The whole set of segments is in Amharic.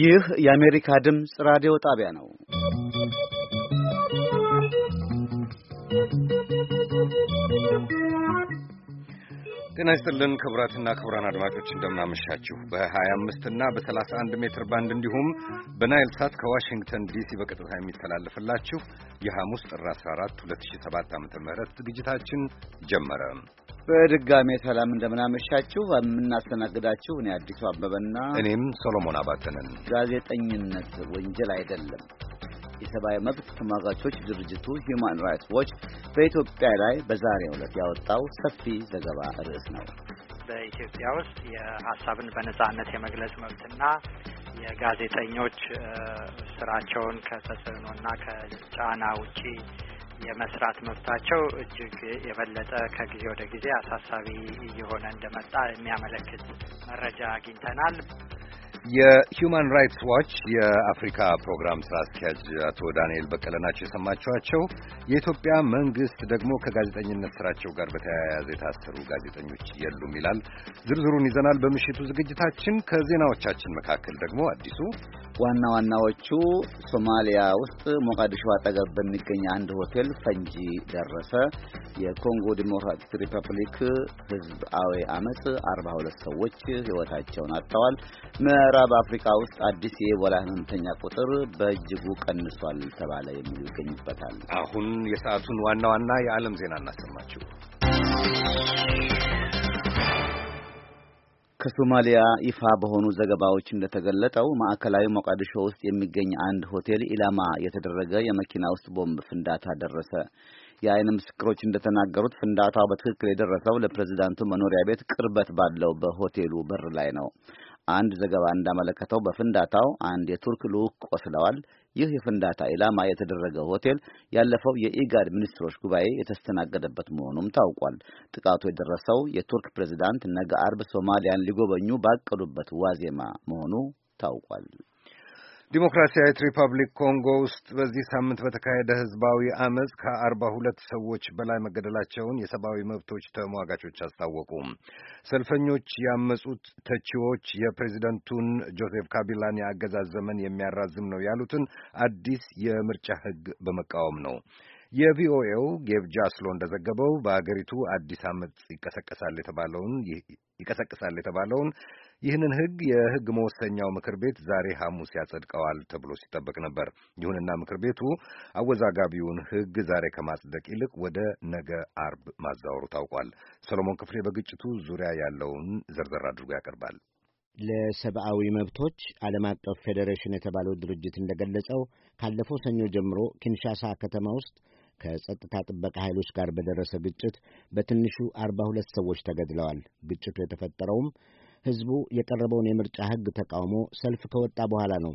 ይህ የአሜሪካ ድምፅ ራዲዮ ጣቢያ ነው። ጤና ይስጥልን ክቡራትና ክቡራን አድማጮች እንደምናመሻችሁ። በ25 እና በ31 ሜትር ባንድ እንዲሁም በናይል ሳት ከዋሽንግተን ዲሲ በቀጥታ የሚተላለፍላችሁ የሐሙስ ጥር 14 2007 ም ዝግጅታችን ጀመረ። በድጋሜ ሰላም እንደምናመሻችሁ። የምናስተናግዳችሁ እኔ አዲሱ አበበና እኔም ሶሎሞን አባተንን። ጋዜጠኝነት ወንጀል አይደለም። የሰብአዊ መብት ተሟጋቾች ድርጅቱ ሂዩማን ራይትስ ዎች በኢትዮጵያ ላይ በዛሬው ዕለት ያወጣው ሰፊ ዘገባ ርዕስ ነው። በኢትዮጵያ ውስጥ የሀሳብን በነጻነት የመግለጽ መብትና የጋዜጠኞች ስራቸውን ከተጽዕኖና ከጫና ውጪ የመስራት መብታቸው እጅግ የበለጠ ከጊዜ ወደ ጊዜ አሳሳቢ እየሆነ እንደመጣ የሚያመለክት መረጃ አግኝተናል። የሁማን ራይትስ ዋች የአፍሪካ ፕሮግራም ስራ አስኪያጅ አቶ ዳንኤል በቀለ ናቸው የሰማችኋቸው። የኢትዮጵያ መንግስት ደግሞ ከጋዜጠኝነት ስራቸው ጋር በተያያዘ የታሰሩ ጋዜጠኞች የሉም ይላል። ዝርዝሩን ይዘናል በምሽቱ ዝግጅታችን። ከዜናዎቻችን መካከል ደግሞ አዲሱ ዋና ዋናዎቹ ሶማሊያ ውስጥ ሞቃዲሾ አጠገብ በሚገኝ አንድ ሆቴል ፈንጂ ደረሰ። የኮንጎ ዲሞክራቲክ ሪፐብሊክ ህዝባዊ አመፅ 42 ሰዎች ህይወታቸውን አጥተዋል። ምዕራብ አፍሪካ ውስጥ አዲስ የኢቦላ ህመምተኛ ቁጥር በእጅጉ ቀንሷል ተባለ የሚሉ ይገኙበታል። አሁን የሰዓቱን ዋና ዋና የዓለም ዜና እናሰማችሁ። ከሶማሊያ ይፋ በሆኑ ዘገባዎች እንደተገለጠው ማዕከላዊ ሞቃዲሾ ውስጥ የሚገኝ አንድ ሆቴል ኢላማ የተደረገ የመኪና ውስጥ ቦምብ ፍንዳታ ደረሰ። የአይን ምስክሮች እንደተናገሩት ፍንዳታው በትክክል የደረሰው ለፕሬዚዳንቱ መኖሪያ ቤት ቅርበት ባለው በሆቴሉ በር ላይ ነው። አንድ ዘገባ እንዳመለከተው በፍንዳታው አንድ የቱርክ ልዑክ ቆስለዋል። ይህ የፍንዳታ ኢላማ የተደረገው ሆቴል ያለፈው የኢጋድ ሚኒስትሮች ጉባኤ የተስተናገደበት መሆኑም ታውቋል። ጥቃቱ የደረሰው የቱርክ ፕሬዚዳንት ነገ አርብ ሶማሊያን ሊጎበኙ ባቀዱበት ዋዜማ መሆኑ ታውቋል። ዲሞክራሲያዊት ሪፐብሊክ ኮንጎ ውስጥ በዚህ ሳምንት በተካሄደ ህዝባዊ አመፅ ከአርባ ሁለት ሰዎች በላይ መገደላቸውን የሰብአዊ መብቶች ተሟጋቾች አስታወቁ። ሰልፈኞች ያመጹት ተቺዎች የፕሬዚደንቱን ጆሴፍ ካቢላን የአገዛዝ ዘመን የሚያራዝም ነው ያሉትን አዲስ የምርጫ ህግ በመቃወም ነው። የቪኦኤው ጌቭ ጃስሎ እንደዘገበው በአገሪቱ አዲስ አመፅ ይቀሰቀሳል የተባለውን ይቀሰቅሳል የተባለውን ይህንን ሕግ የሕግ መወሰኛው ምክር ቤት ዛሬ ሐሙስ ያጸድቀዋል ተብሎ ሲጠበቅ ነበር። ይሁንና ምክር ቤቱ አወዛጋቢውን ሕግ ዛሬ ከማጽደቅ ይልቅ ወደ ነገ አርብ ማዛወሩ ታውቋል። ሰሎሞን ክፍሌ በግጭቱ ዙሪያ ያለውን ዘርዘር አድርጎ ያቀርባል። ለሰብአዊ መብቶች ዓለም አቀፍ ፌዴሬሽን የተባለው ድርጅት እንደገለጸው ካለፈው ሰኞ ጀምሮ ኪንሻሳ ከተማ ውስጥ ከጸጥታ ጥበቃ ኃይሎች ጋር በደረሰ ግጭት በትንሹ አርባ ሁለት ሰዎች ተገድለዋል። ግጭቱ የተፈጠረውም ሕዝቡ የቀረበውን የምርጫ ሕግ ተቃውሞ ሰልፍ ከወጣ በኋላ ነው።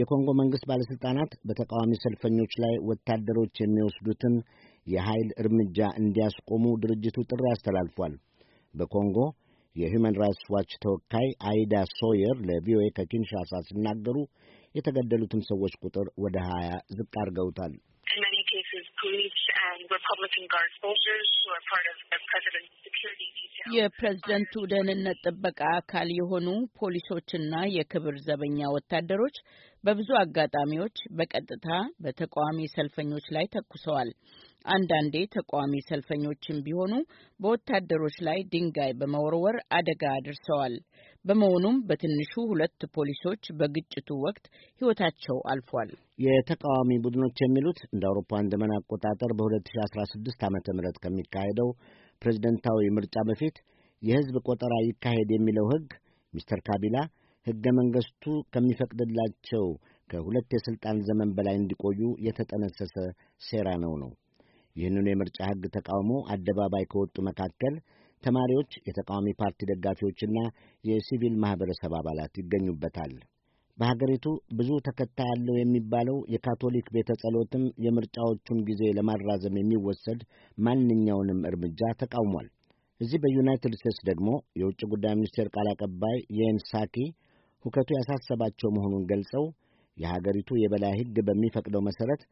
የኮንጎ መንግሥት ባለሥልጣናት በተቃዋሚ ሰልፈኞች ላይ ወታደሮች የሚወስዱትን የኃይል እርምጃ እንዲያስቆሙ ድርጅቱ ጥሪ አስተላልፏል። በኮንጎ የሁመን ራይትስ ዋች ተወካይ አይዳ ሶየር ለቪኦኤ ከኪንሻሳ ሲናገሩ የተገደሉትን ሰዎች ቁጥር ወደ ሀያ ዝቅ አድርገውታል። የፕሬዝደንቱ ደህንነት ጥበቃ አካል የሆኑ ፖሊሶችና የክብር ዘበኛ ወታደሮች በብዙ አጋጣሚዎች በቀጥታ በተቃዋሚ ሰልፈኞች ላይ ተኩሰዋል። አንዳንዴ ተቃዋሚ ሰልፈኞችም ቢሆኑ በወታደሮች ላይ ድንጋይ በመወርወር አደጋ አድርሰዋል። በመሆኑም በትንሹ ሁለት ፖሊሶች በግጭቱ ወቅት ሕይወታቸው አልፏል። የተቃዋሚ ቡድኖች የሚሉት እንደ አውሮፓውያን ዘመን አቆጣጠር በ2016 ዓ ም ከሚካሄደው ፕሬዝደንታዊ ምርጫ በፊት የሕዝብ ቆጠራ ይካሄድ የሚለው ሕግ ሚስተር ካቢላ ሕገ መንግሥቱ ከሚፈቅድላቸው ከሁለት የሥልጣን ዘመን በላይ እንዲቆዩ የተጠነሰሰ ሴራ ነው ነው ይህንኑ የምርጫ ሕግ ተቃውሞ አደባባይ ከወጡ መካከል ተማሪዎች፣ የተቃዋሚ ፓርቲ ደጋፊዎችና የሲቪል ማኅበረሰብ አባላት ይገኙበታል። በሀገሪቱ ብዙ ተከታይ ያለው የሚባለው የካቶሊክ ቤተ ጸሎትም የምርጫዎቹን ጊዜ ለማራዘም የሚወሰድ ማንኛውንም እርምጃ ተቃውሟል። እዚህ በዩናይትድ ስቴትስ ደግሞ የውጭ ጉዳይ ሚኒስቴር ቃል አቀባይ የን ሳኪ ሁከቱ ያሳሰባቸው መሆኑን ገልጸው የሀገሪቱ የበላይ ሕግ በሚፈቅደው መሠረት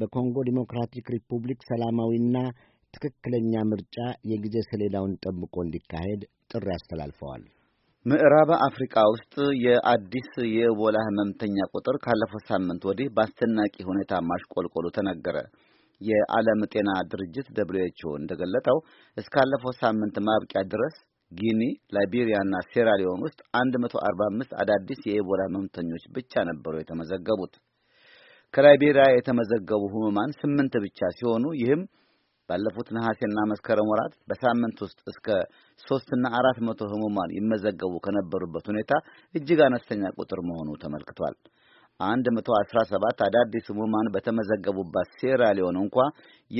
በኮንጎ ዲሞክራቲክ ሪፑብሊክ ሰላማዊና ትክክለኛ ምርጫ የጊዜ ሰሌዳውን ጠብቆ እንዲካሄድ ጥሪ አስተላልፈዋል። ምዕራብ አፍሪካ ውስጥ የአዲስ የኢቦላ ህመምተኛ ቁጥር ካለፈው ሳምንት ወዲህ በአስደናቂ ሁኔታ ማሽቆልቆሉ ተነገረ። የዓለም ጤና ድርጅት ደብሊው ኤች ኦ እንደገለጠው እስካለፈው ሳምንት ማብቂያ ድረስ ጊኒ፣ ላይቤሪያና ሴራሊዮን ውስጥ 145 አዳዲስ የኢቦላ ህመምተኞች ብቻ ነበሩ የተመዘገቡት። ከላይቤሪያ የተመዘገቡ ህሙማን ስምንት ብቻ ሲሆኑ ይህም ባለፉት ነሐሴና መስከረም ወራት በሳምንት ውስጥ እስከ ሶስትና አራት መቶ ህሙማን ይመዘገቡ ከነበሩበት ሁኔታ እጅግ አነስተኛ ቁጥር መሆኑ ተመልክቷል። አንድ መቶ አስራ ሰባት አዳዲስ ህሙማን በተመዘገቡባት ሴራሊዮን እንኳ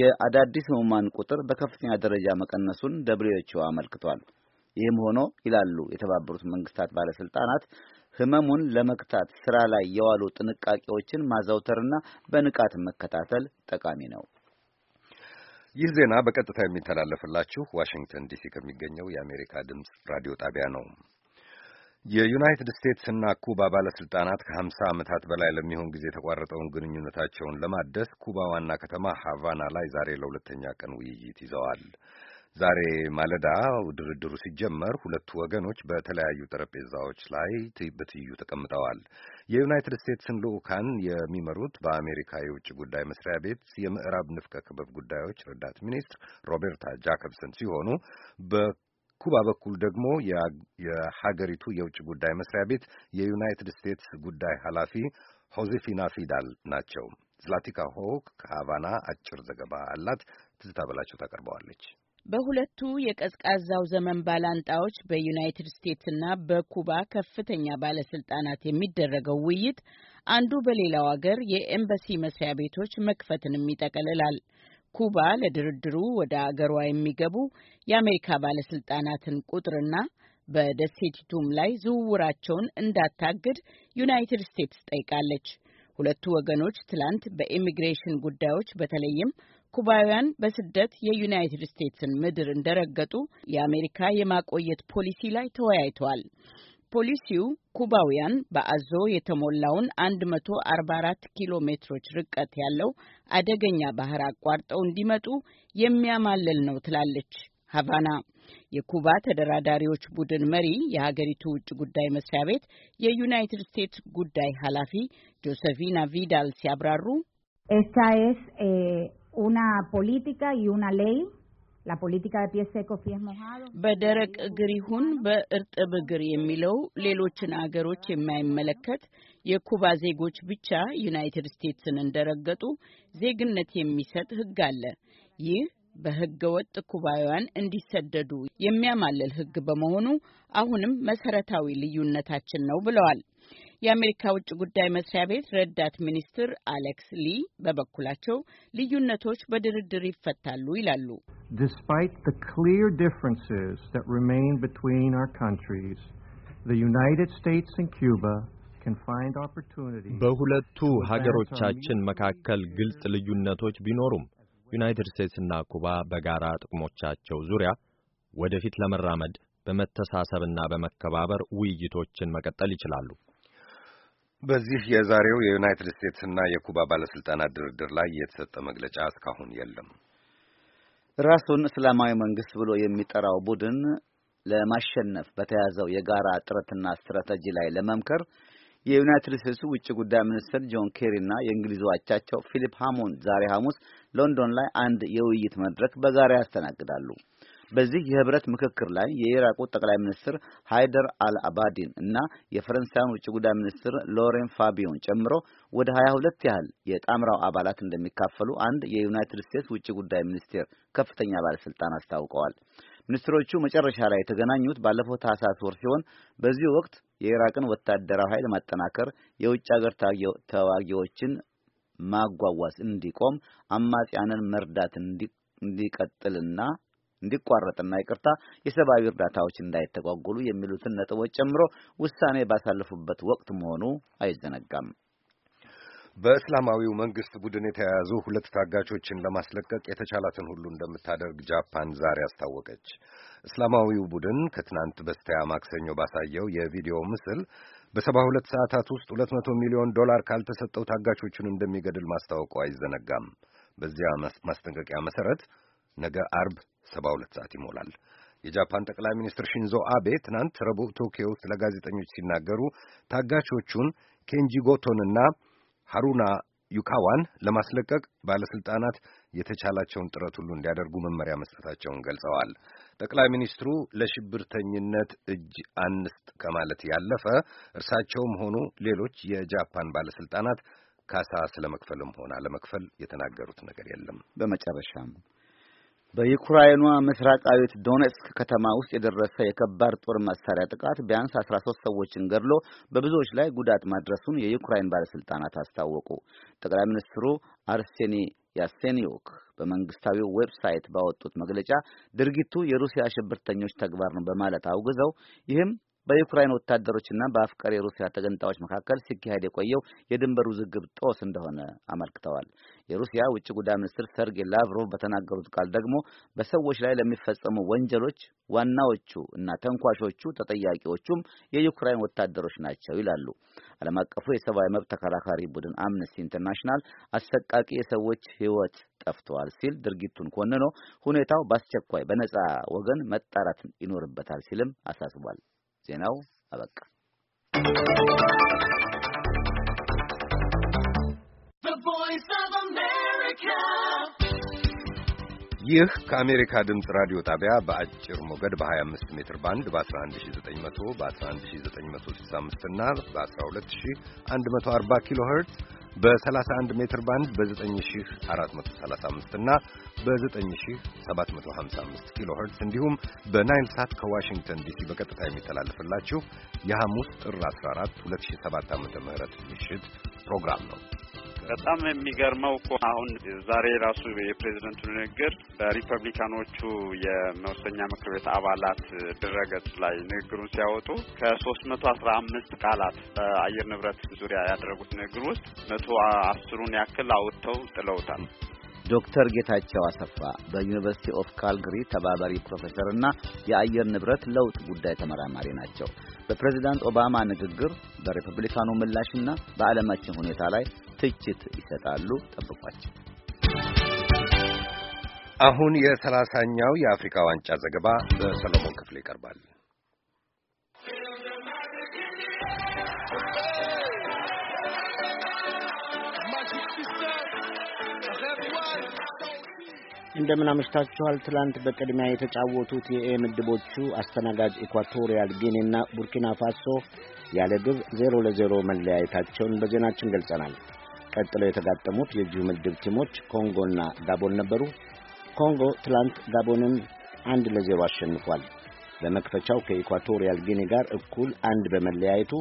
የአዳዲስ ህሙማን ቁጥር በከፍተኛ ደረጃ መቀነሱን ደብሊው አመልክቷል። ይህም ሆኖ ይላሉ የተባበሩት መንግስታት ባለስልጣናት ህመሙን ለመግታት ስራ ላይ የዋሉ ጥንቃቄዎችን ማዘውተርና በንቃት መከታተል ጠቃሚ ነው። ይህ ዜና በቀጥታ የሚተላለፍላችሁ ዋሽንግተን ዲሲ ከሚገኘው የአሜሪካ ድምፅ ራዲዮ ጣቢያ ነው። የዩናይትድ እና ኩባ ባለስልጣናት ከ ዓመታት በላይ ለሚሆን ጊዜ የተቋረጠውን ግንኙነታቸውን ለማደስ ኩባ ዋና ከተማ ሃቫና ላይ ዛሬ ለሁለተኛ ቀን ውይይት ይዘዋል። ዛሬ ማለዳ ድርድሩ ሲጀመር ሁለቱ ወገኖች በተለያዩ ጠረጴዛዎች ላይ በትይዩ ተቀምጠዋል። የዩናይትድ ስቴትስን ልዑካን የሚመሩት በአሜሪካ የውጭ ጉዳይ መስሪያ ቤት የምዕራብ ንፍቀ ክበብ ጉዳዮች ረዳት ሚኒስትር ሮቤርታ ጃከብሰን ሲሆኑ በኩባ በኩል ደግሞ የሀገሪቱ የውጭ ጉዳይ መስሪያ ቤት የዩናይትድ ስቴትስ ጉዳይ ኃላፊ ሆዜፊና ፊዳል ናቸው። ዝላቲካ ሆክ ከሃቫና አጭር ዘገባ አላት። ትዝታ በላቸው ታቀርበዋለች። በሁለቱ የቀዝቃዛው ዘመን ባላንጣዎች በዩናይትድ ስቴትስና በኩባ ከፍተኛ ባለስልጣናት የሚደረገው ውይይት አንዱ በሌላው አገር የኤምባሲ መስሪያ ቤቶች መክፈትንም ይጠቀልላል። ኩባ ለድርድሩ ወደ አገሯ የሚገቡ የአሜሪካ ባለስልጣናትን ቁጥርና በደሴቲቱም ላይ ዝውውራቸውን እንዳታግድ ዩናይትድ ስቴትስ ጠይቃለች። ሁለቱ ወገኖች ትላንት በኢሚግሬሽን ጉዳዮች በተለይም ኩባውያን በስደት የዩናይትድ ስቴትስን ምድር እንደረገጡ የአሜሪካ የማቆየት ፖሊሲ ላይ ተወያይተዋል። ፖሊሲው ኩባውያን በአዞ የተሞላውን 144 ኪሎ ሜትሮች ርቀት ያለው አደገኛ ባህር አቋርጠው እንዲመጡ የሚያማልል ነው ትላለች ሀቫና። የኩባ ተደራዳሪዎች ቡድን መሪ የሀገሪቱ ውጭ ጉዳይ መስሪያ ቤት የዩናይትድ ስቴትስ ጉዳይ ኃላፊ ጆሴፊና ቪዳል ሲያብራሩ ኤስ una política y una ley በደረቅ እግር ይሁን በእርጥብ እግር የሚለው ሌሎችን አገሮች የማይመለከት የኩባ ዜጎች ብቻ ዩናይትድ ስቴትስን እንደረገጡ ዜግነት የሚሰጥ ሕግ አለ። ይህ በሕገ ወጥ ኩባውያን እንዲሰደዱ የሚያማልል ሕግ በመሆኑ አሁንም መሰረታዊ ልዩነታችን ነው ብለዋል። የአሜሪካ ውጭ ጉዳይ መስሪያ ቤት ረዳት ሚኒስትር አሌክስ ሊ በበኩላቸው ልዩነቶች በድርድር ይፈታሉ ይላሉ። Despite the clear differences that remain between our countries, the United States and Cuba በሁለቱ ሀገሮቻችን መካከል ግልጽ ልዩነቶች ቢኖሩም ዩናይትድ ስቴትስና ኩባ በጋራ ጥቅሞቻቸው ዙሪያ ወደፊት ለመራመድ በመተሳሰብና በመከባበር ውይይቶችን መቀጠል ይችላሉ። በዚህ የዛሬው የዩናይትድ ስቴትስና የኩባ ባለስልጣናት ድርድር ላይ የተሰጠ መግለጫ እስካሁን የለም። ራሱን እስላማዊ መንግስት ብሎ የሚጠራው ቡድን ለማሸነፍ በተያዘው የጋራ ጥረትና ስትራቴጂ ላይ ለመምከር የዩናይትድ ስቴትሱ ውጭ ጉዳይ ሚኒስትር ጆን ኬሪ እና የእንግሊዙ አቻቸው ፊሊፕ ሃሞንድ ዛሬ ሐሙስ ሎንዶን ላይ አንድ የውይይት መድረክ በጋራ ያስተናግዳሉ። በዚህ የህብረት ምክክር ላይ የኢራቁ ጠቅላይ ሚኒስትር ሃይደር አልአባዲን እና የፈረንሳይን ውጭ ጉዳይ ሚኒስትር ሎሬን ፋቢዮን ጨምሮ ወደ ሀያ ሁለት ያህል የጣምራው አባላት እንደሚካፈሉ አንድ የዩናይትድ ስቴትስ ውጭ ጉዳይ ሚኒስቴር ከፍተኛ ባለስልጣን አስታውቀዋል። ሚኒስትሮቹ መጨረሻ ላይ የተገናኙት ባለፈው ታህሳስ ወር ሲሆን በዚህ ወቅት የኢራቅን ወታደራዊ ኃይል ማጠናከር፣ የውጭ ሀገር ተዋጊዎችን ማጓጓዝ እንዲቆም፣ አማጽያንን መርዳት እንዲቀጥልና እንዲቋረጥና ይቅርታ የሰብአዊ እርዳታዎች እንዳይተጓጎሉ የሚሉትን ነጥቦች ጨምሮ ውሳኔ ባሳለፉበት ወቅት መሆኑ አይዘነጋም። በእስላማዊው መንግስት ቡድን የተያያዙ ሁለት ታጋቾችን ለማስለቀቅ የተቻላትን ሁሉ እንደምታደርግ ጃፓን ዛሬ አስታወቀች። እስላማዊው ቡድን ከትናንት በስቲያ ማክሰኞ ባሳየው የቪዲዮ ምስል በሰባ ሁለት ሰዓታት ውስጥ ሁለት መቶ ሚሊዮን ዶላር ካልተሰጠው ታጋቾቹን እንደሚገድል ማስታወቁ አይዘነጋም። በዚያ ማስጠንቀቂያ መሰረት ነገ አርብ 72 ሰዓት ይሞላል። የጃፓን ጠቅላይ ሚኒስትር ሺንዞ አቤ ትናንት ረቡዕ ቶኪዮ ውስጥ ለጋዜጠኞች ሲናገሩ ታጋቾቹን ኬንጂ ጎቶንና ሀሩና ዩካዋን ለማስለቀቅ ባለስልጣናት የተቻላቸውን ጥረት ሁሉ እንዲያደርጉ መመሪያ መስጠታቸውን ገልጸዋል። ጠቅላይ ሚኒስትሩ ለሽብርተኝነት እጅ አንስጥ ከማለት ያለፈ እርሳቸውም ሆኑ ሌሎች የጃፓን ባለስልጣናት ካሳ ስለመክፈልም ሆነ አለመክፈል የተናገሩት ነገር የለም። በመጨረሻም በዩክራይኗ ምስራቃዊት ዶኔትስክ ከተማ ውስጥ የደረሰ የከባድ ጦር መሳሪያ ጥቃት ቢያንስ 13 ሰዎችን ገድሎ በብዙዎች ላይ ጉዳት ማድረሱን የዩክራይን ባለስልጣናት አስታወቁ። ጠቅላይ ሚኒስትሩ አርሴኒ ያሴኒዮክ በመንግስታዊው ዌብሳይት ባወጡት መግለጫ ድርጊቱ የሩሲያ ሽብርተኞች ተግባር ነው በማለት አውግዘው ይህም በዩክራይን ወታደሮችና በአፍቃሪ የሩሲያ ተገንጣዮች መካከል ሲካሄድ የቆየው የድንበር ውዝግብ ጦስ እንደሆነ አመልክተዋል። የሩሲያ ውጭ ጉዳይ ሚኒስትር ሰርጌይ ላቭሮቭ በተናገሩት ቃል ደግሞ በሰዎች ላይ ለሚፈጸሙ ወንጀሎች ዋናዎቹ እና ተንኳሾቹ ተጠያቂዎቹም የዩክራይን ወታደሮች ናቸው ይላሉ። ዓለም አቀፉ የሰብአዊ መብት ተከራካሪ ቡድን አምነስቲ ኢንተርናሽናል አሰቃቂ የሰዎች ሕይወት ጠፍተዋል ሲል ድርጊቱን ኮንኖ ሁኔታው በአስቸኳይ በነጻ ወገን መጣራት ይኖርበታል ሲልም አሳስቧል። ዜናው አበቃ። ይህ ከአሜሪካ ድምፅ ራዲዮ ጣቢያ በአጭር ሞገድ በ25 ሜትር ባንድ በ11900 በ11965 እና በ12140 ኪሎ ኸርትዝ በ31 ሜትር ባንድ በ9435 እና በ9755 ኪሎ ሄርትስ እንዲሁም በናይል ሳት ከዋሽንግተን ዲሲ በቀጥታ የሚተላለፍላችሁ የሐሙስ ጥር 14 2007 ዓ.ም ምሽት ፕሮግራም ነው። በጣም የሚገርመው እኮ አሁን ዛሬ ራሱ የፕሬዚደንቱ ንግግር በሪፐብሊካኖቹ የመወሰኛ ምክር ቤት አባላት ድረገጽ ላይ ንግግሩን ሲያወጡ ከሶስት መቶ አስራ አምስት ቃላት በአየር ንብረት ዙሪያ ያደረጉት ንግግር ውስጥ መቶ አስሩን ያክል አውጥተው ጥለውታል። ዶክተር ጌታቸው አሰፋ በዩኒቨርሲቲ ኦፍ ካልግሪ ተባባሪ ፕሮፌሰር እና የአየር ንብረት ለውጥ ጉዳይ ተመራማሪ ናቸው። በፕሬዚዳንት ኦባማ ንግግር፣ በሪፐብሊካኑ ምላሽና በዓለማችን ሁኔታ ላይ ትችት ይሰጣሉ። ጠብቋቸው። አሁን የሰላሳኛው የአፍሪካ ዋንጫ ዘገባ በሰለሞን ክፍል ይቀርባል። እንደምን አመሽታችኋል። ትላንት በቅድሚያ የተጫወቱት የኤ ምድቦቹ አስተናጋጅ ኢኳቶሪያል ጊኔና ቡርኪና ፋሶ ያለ ግብ ዜሮ ለዜሮ መለያየታቸውን በዜናችን ገልጸናል። ቀጥለው የተጋጠሙት የዚሁ ምድብ ቲሞች ኮንጎና ጋቦን ነበሩ። ኮንጎ ትላንት ጋቦንን አንድ ለዜሮ አሸንፏል። በመክፈቻው ከኢኳቶሪያል ጊኒ ጋር እኩል አንድ በመለያየቱ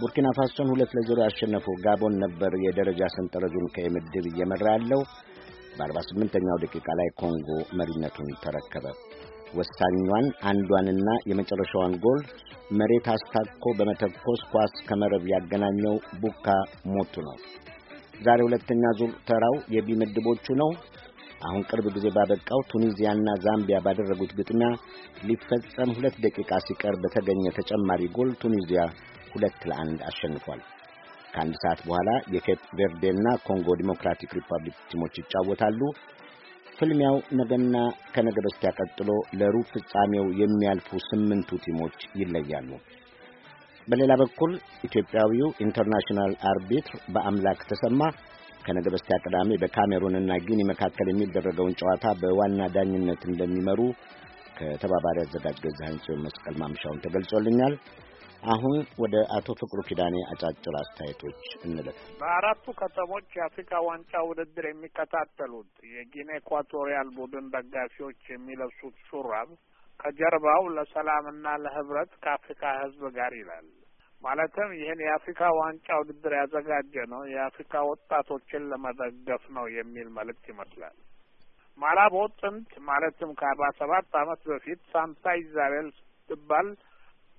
ቡርኪና ፋሶን ሁለት ለዜሮ ያሸነፈው ጋቦን ነበር የደረጃ ሰንጠረዙን ከምድብ እየመራ ያለው። በ48ኛው ደቂቃ ላይ ኮንጎ መሪነቱን ተረከበ። ወሳኟን አንዷንና የመጨረሻዋን ጎል መሬት አስታኮ በመተኮስ ኳስ ከመረብ ያገናኘው ቡካ ሞቱ ነው። ዛሬ ሁለተኛ ዙር ተራው የቢ ምድቦቹ ነው። አሁን ቅርብ ጊዜ ባበቃው ቱኒዚያና ዛምቢያ ባደረጉት ግጥሚያ ሊፈጸም ሁለት ደቂቃ ሲቀር በተገኘ ተጨማሪ ጎል ቱኒዚያ ሁለት ለአንድ አሸንፏል። ከአንድ ሰዓት በኋላ የኬፕ ቬርዴና ኮንጎ ዲሞክራቲክ ሪፐብሊክ ቲሞች ይጫወታሉ። ፍልሚያው ነገና ከነገ በስቲያ ቀጥሎ ለሩብ ፍጻሜው የሚያልፉ ስምንቱ ቲሞች ይለያሉ። በሌላ በኩል ኢትዮጵያዊው ኢንተርናሽናል አርቢትር በአምላክ ተሰማ ከነገ በስቲያ ቅዳሜ በካሜሩንና ጊኒ መካከል የሚደረገውን ጨዋታ በዋና ዳኝነት እንደሚመሩ ከተባባሪ አዘጋጅ ገዛኸኝ ጽዮን መስቀል ማምሻውን ተገልጾልኛል። አሁን ወደ አቶ ፍቅሩ ኪዳኔ አጫጭር አስተያየቶች እንለፍ። በአራቱ ከተሞች የአፍሪካ ዋንጫ ውድድር የሚከታተሉት የጊኔ ኢኳቶሪያል ቡድን ደጋፊዎች የሚለብሱት ሹራብ ከጀርባው ለሰላምና ለህብረት ከአፍሪካ ህዝብ ጋር ይላል። ማለትም ይህን የአፍሪካ ዋንጫ ውድድር ያዘጋጀ ነው የአፍሪካ ወጣቶችን ለመደገፍ ነው የሚል መልእክት ይመስላል። ማላቦ ጥንት ማለትም ከአርባ ሰባት አመት በፊት ሳንታ ኢዛቤል ስትባል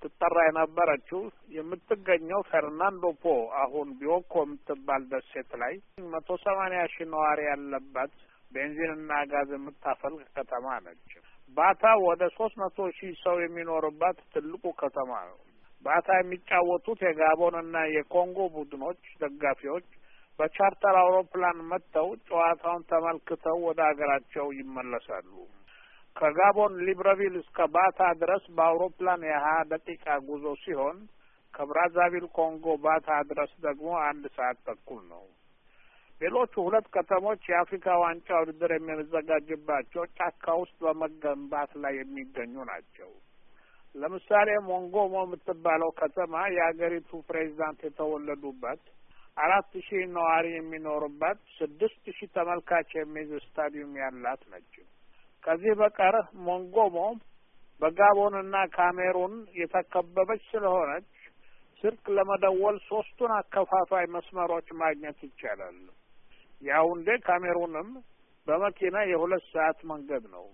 ትጠራ የነበረችው የምትገኘው ፌርናንዶ ፖ አሁን ቢዮኮ የምትባል ደሴት ላይ መቶ ሰማኒያ ሺህ ነዋሪ ያለባት ቤንዚንና ጋዝ የምታፈልቅ ከተማ ነች። ባታ ወደ ሶስት መቶ ሺህ ሰው የሚኖርባት ትልቁ ከተማ ነው። ባታ የሚጫወቱት የጋቦን እና የኮንጎ ቡድኖች ደጋፊዎች በቻርተር አውሮፕላን መጥተው ጨዋታውን ተመልክተው ወደ አገራቸው ይመለሳሉ። ከጋቦን ሊብረቪል እስከ ባታ ድረስ በአውሮፕላን የሀያ ደቂቃ ጉዞ ሲሆን ከብራዛቪል ኮንጎ ባታ ድረስ ደግሞ አንድ ሰዓት ተኩል ነው። ሌሎቹ ሁለት ከተሞች የአፍሪካ ዋንጫ ውድድር የሚዘጋጅባቸው ጫካ ውስጥ በመገንባት ላይ የሚገኙ ናቸው። ለምሳሌ ሞንጎሞ የምትባለው ከተማ የአገሪቱ ፕሬዚዳንት የተወለዱበት አራት ሺህ ነዋሪ የሚኖሩበት ስድስት ሺህ ተመልካች የሚይዝ ስታዲየም ያላት ነች። ከዚህ በቀር ሞንጎሞ በጋቦንና ካሜሩን የተከበበች ስለሆነች ስልክ ለመደወል ሶስቱን አከፋፋይ መስመሮች ማግኘት ይቻላል። ያውንዴ ካሜሩንም በመኪና የሁለት ሰዓት መንገድ ነው።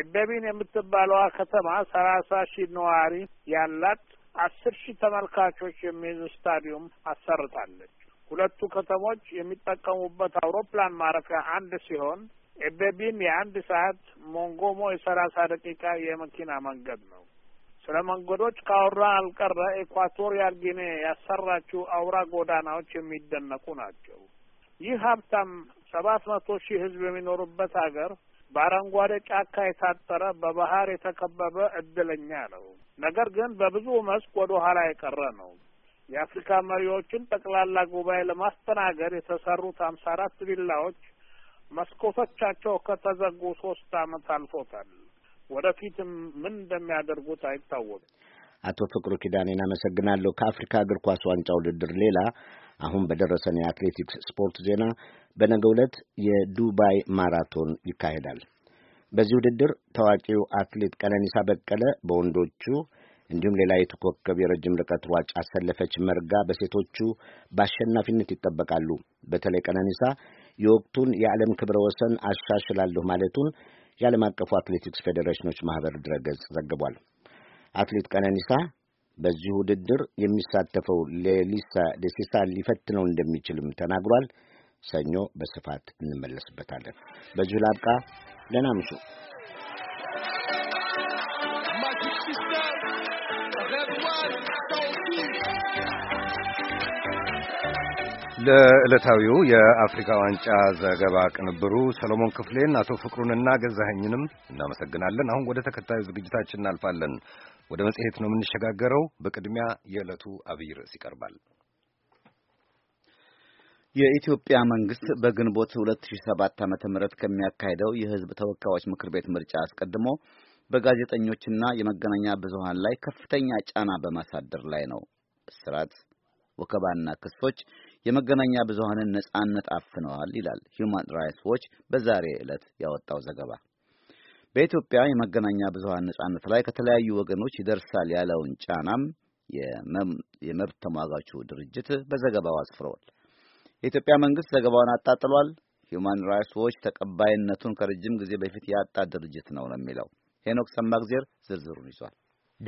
ኤደቢን የምትባለዋ ከተማ ሰላሳ ሺህ ነዋሪ ያላት አስር ሺህ ተመልካቾች የሚይዝ ስታዲየም አሰርታለች። ሁለቱ ከተሞች የሚጠቀሙበት አውሮፕላን ማረፊያ አንድ ሲሆን ኤቤቢን የአንድ ሰዓት ሞንጎሞ የሰላሳ ደቂቃ የመኪና መንገድ ነው። ስለ መንገዶች ካወራ አልቀረ ኤኳቶሪያል ጊኔ ያሰራችው አውራ ጎዳናዎች የሚደነቁ ናቸው። ይህ ሀብታም ሰባት መቶ ሺህ ህዝብ የሚኖሩበት ሀገር በአረንጓዴ ጫካ የታጠረ በባህር የተከበበ እድለኛ ነው። ነገር ግን በብዙ መስክ ወደ ኋላ የቀረ ነው። የአፍሪካ መሪዎችን ጠቅላላ ጉባኤ ለማስተናገድ የተሰሩት ሀምሳ አራት ቪላዎች መስኮቶቻቸው ከተዘጉ ሶስት አመት አልፎታል። ወደፊትም ምን እንደሚያደርጉት አይታወቅም። አቶ ፍቅሩ ኪዳኔን አመሰግናለሁ። ከአፍሪካ እግር ኳስ ዋንጫ ውድድር ሌላ አሁን በደረሰን የአትሌቲክስ ስፖርት ዜና በነገው ዕለት የዱባይ ማራቶን ይካሄዳል። በዚህ ውድድር ታዋቂው አትሌት ቀነኒሳ በቀለ በወንዶቹ እንዲሁም ሌላ የትኮከብ የረጅም ርቀት ሯጭ አሰለፈች መርጋ በሴቶቹ በአሸናፊነት ይጠበቃሉ። በተለይ ቀነኒሳ የወቅቱን የዓለም ክብረ ወሰን አሻሽላለሁ ማለቱን የዓለም አቀፉ አትሌቲክስ ፌዴሬሽኖች ማኅበር ድረገጽ ዘግቧል። አትሌት ቀነኒሳ በዚህ ውድድር የሚሳተፈው ሌሊሳ ደሲሳ ሊፈትነው እንደሚችልም ተናግሯል። ሰኞ በስፋት እንመለስበታለን። በዚሁ ላብቃ። ደህና ምሹ። ለዕለታዊው የአፍሪካ ዋንጫ ዘገባ ቅንብሩ ሰሎሞን ክፍሌን፣ አቶ ፍቅሩንና ገዛኸኝንም እናመሰግናለን። አሁን ወደ ተከታዩ ዝግጅታችን እናልፋለን። ወደ መጽሔት ነው የምንሸጋገረው። በቅድሚያ የዕለቱ አብይ ርዕስ ይቀርባል። የኢትዮጵያ መንግስት በግንቦት 2007 ዓ.ም ከሚያካሄደው የህዝብ ተወካዮች ምክር ቤት ምርጫ አስቀድሞ በጋዜጠኞችና የመገናኛ ብዙሃን ላይ ከፍተኛ ጫና በማሳደር ላይ ነው። እስራት፣ ወከባና ክሶች የመገናኛ ብዙሃንን ነጻነት አፍነዋል ይላል ሂውማን ራይትስ ዎች በዛሬ ዕለት ያወጣው ዘገባ። በኢትዮጵያ የመገናኛ ብዙሃን ነጻነት ላይ ከተለያዩ ወገኖች ይደርሳል ያለውን ጫናም የመብት ተሟጋቹ ድርጅት በዘገባው አስፍረዋል። የኢትዮጵያ መንግስት ዘገባውን አጣጥሏል። ሂዩማን ራይትስ ዎች ተቀባይነቱን ከረጅም ጊዜ በፊት ያጣ ድርጅት ነው ነው የሚለው። ሄኖክ ሰማግዜር ዝርዝሩን ይዟል።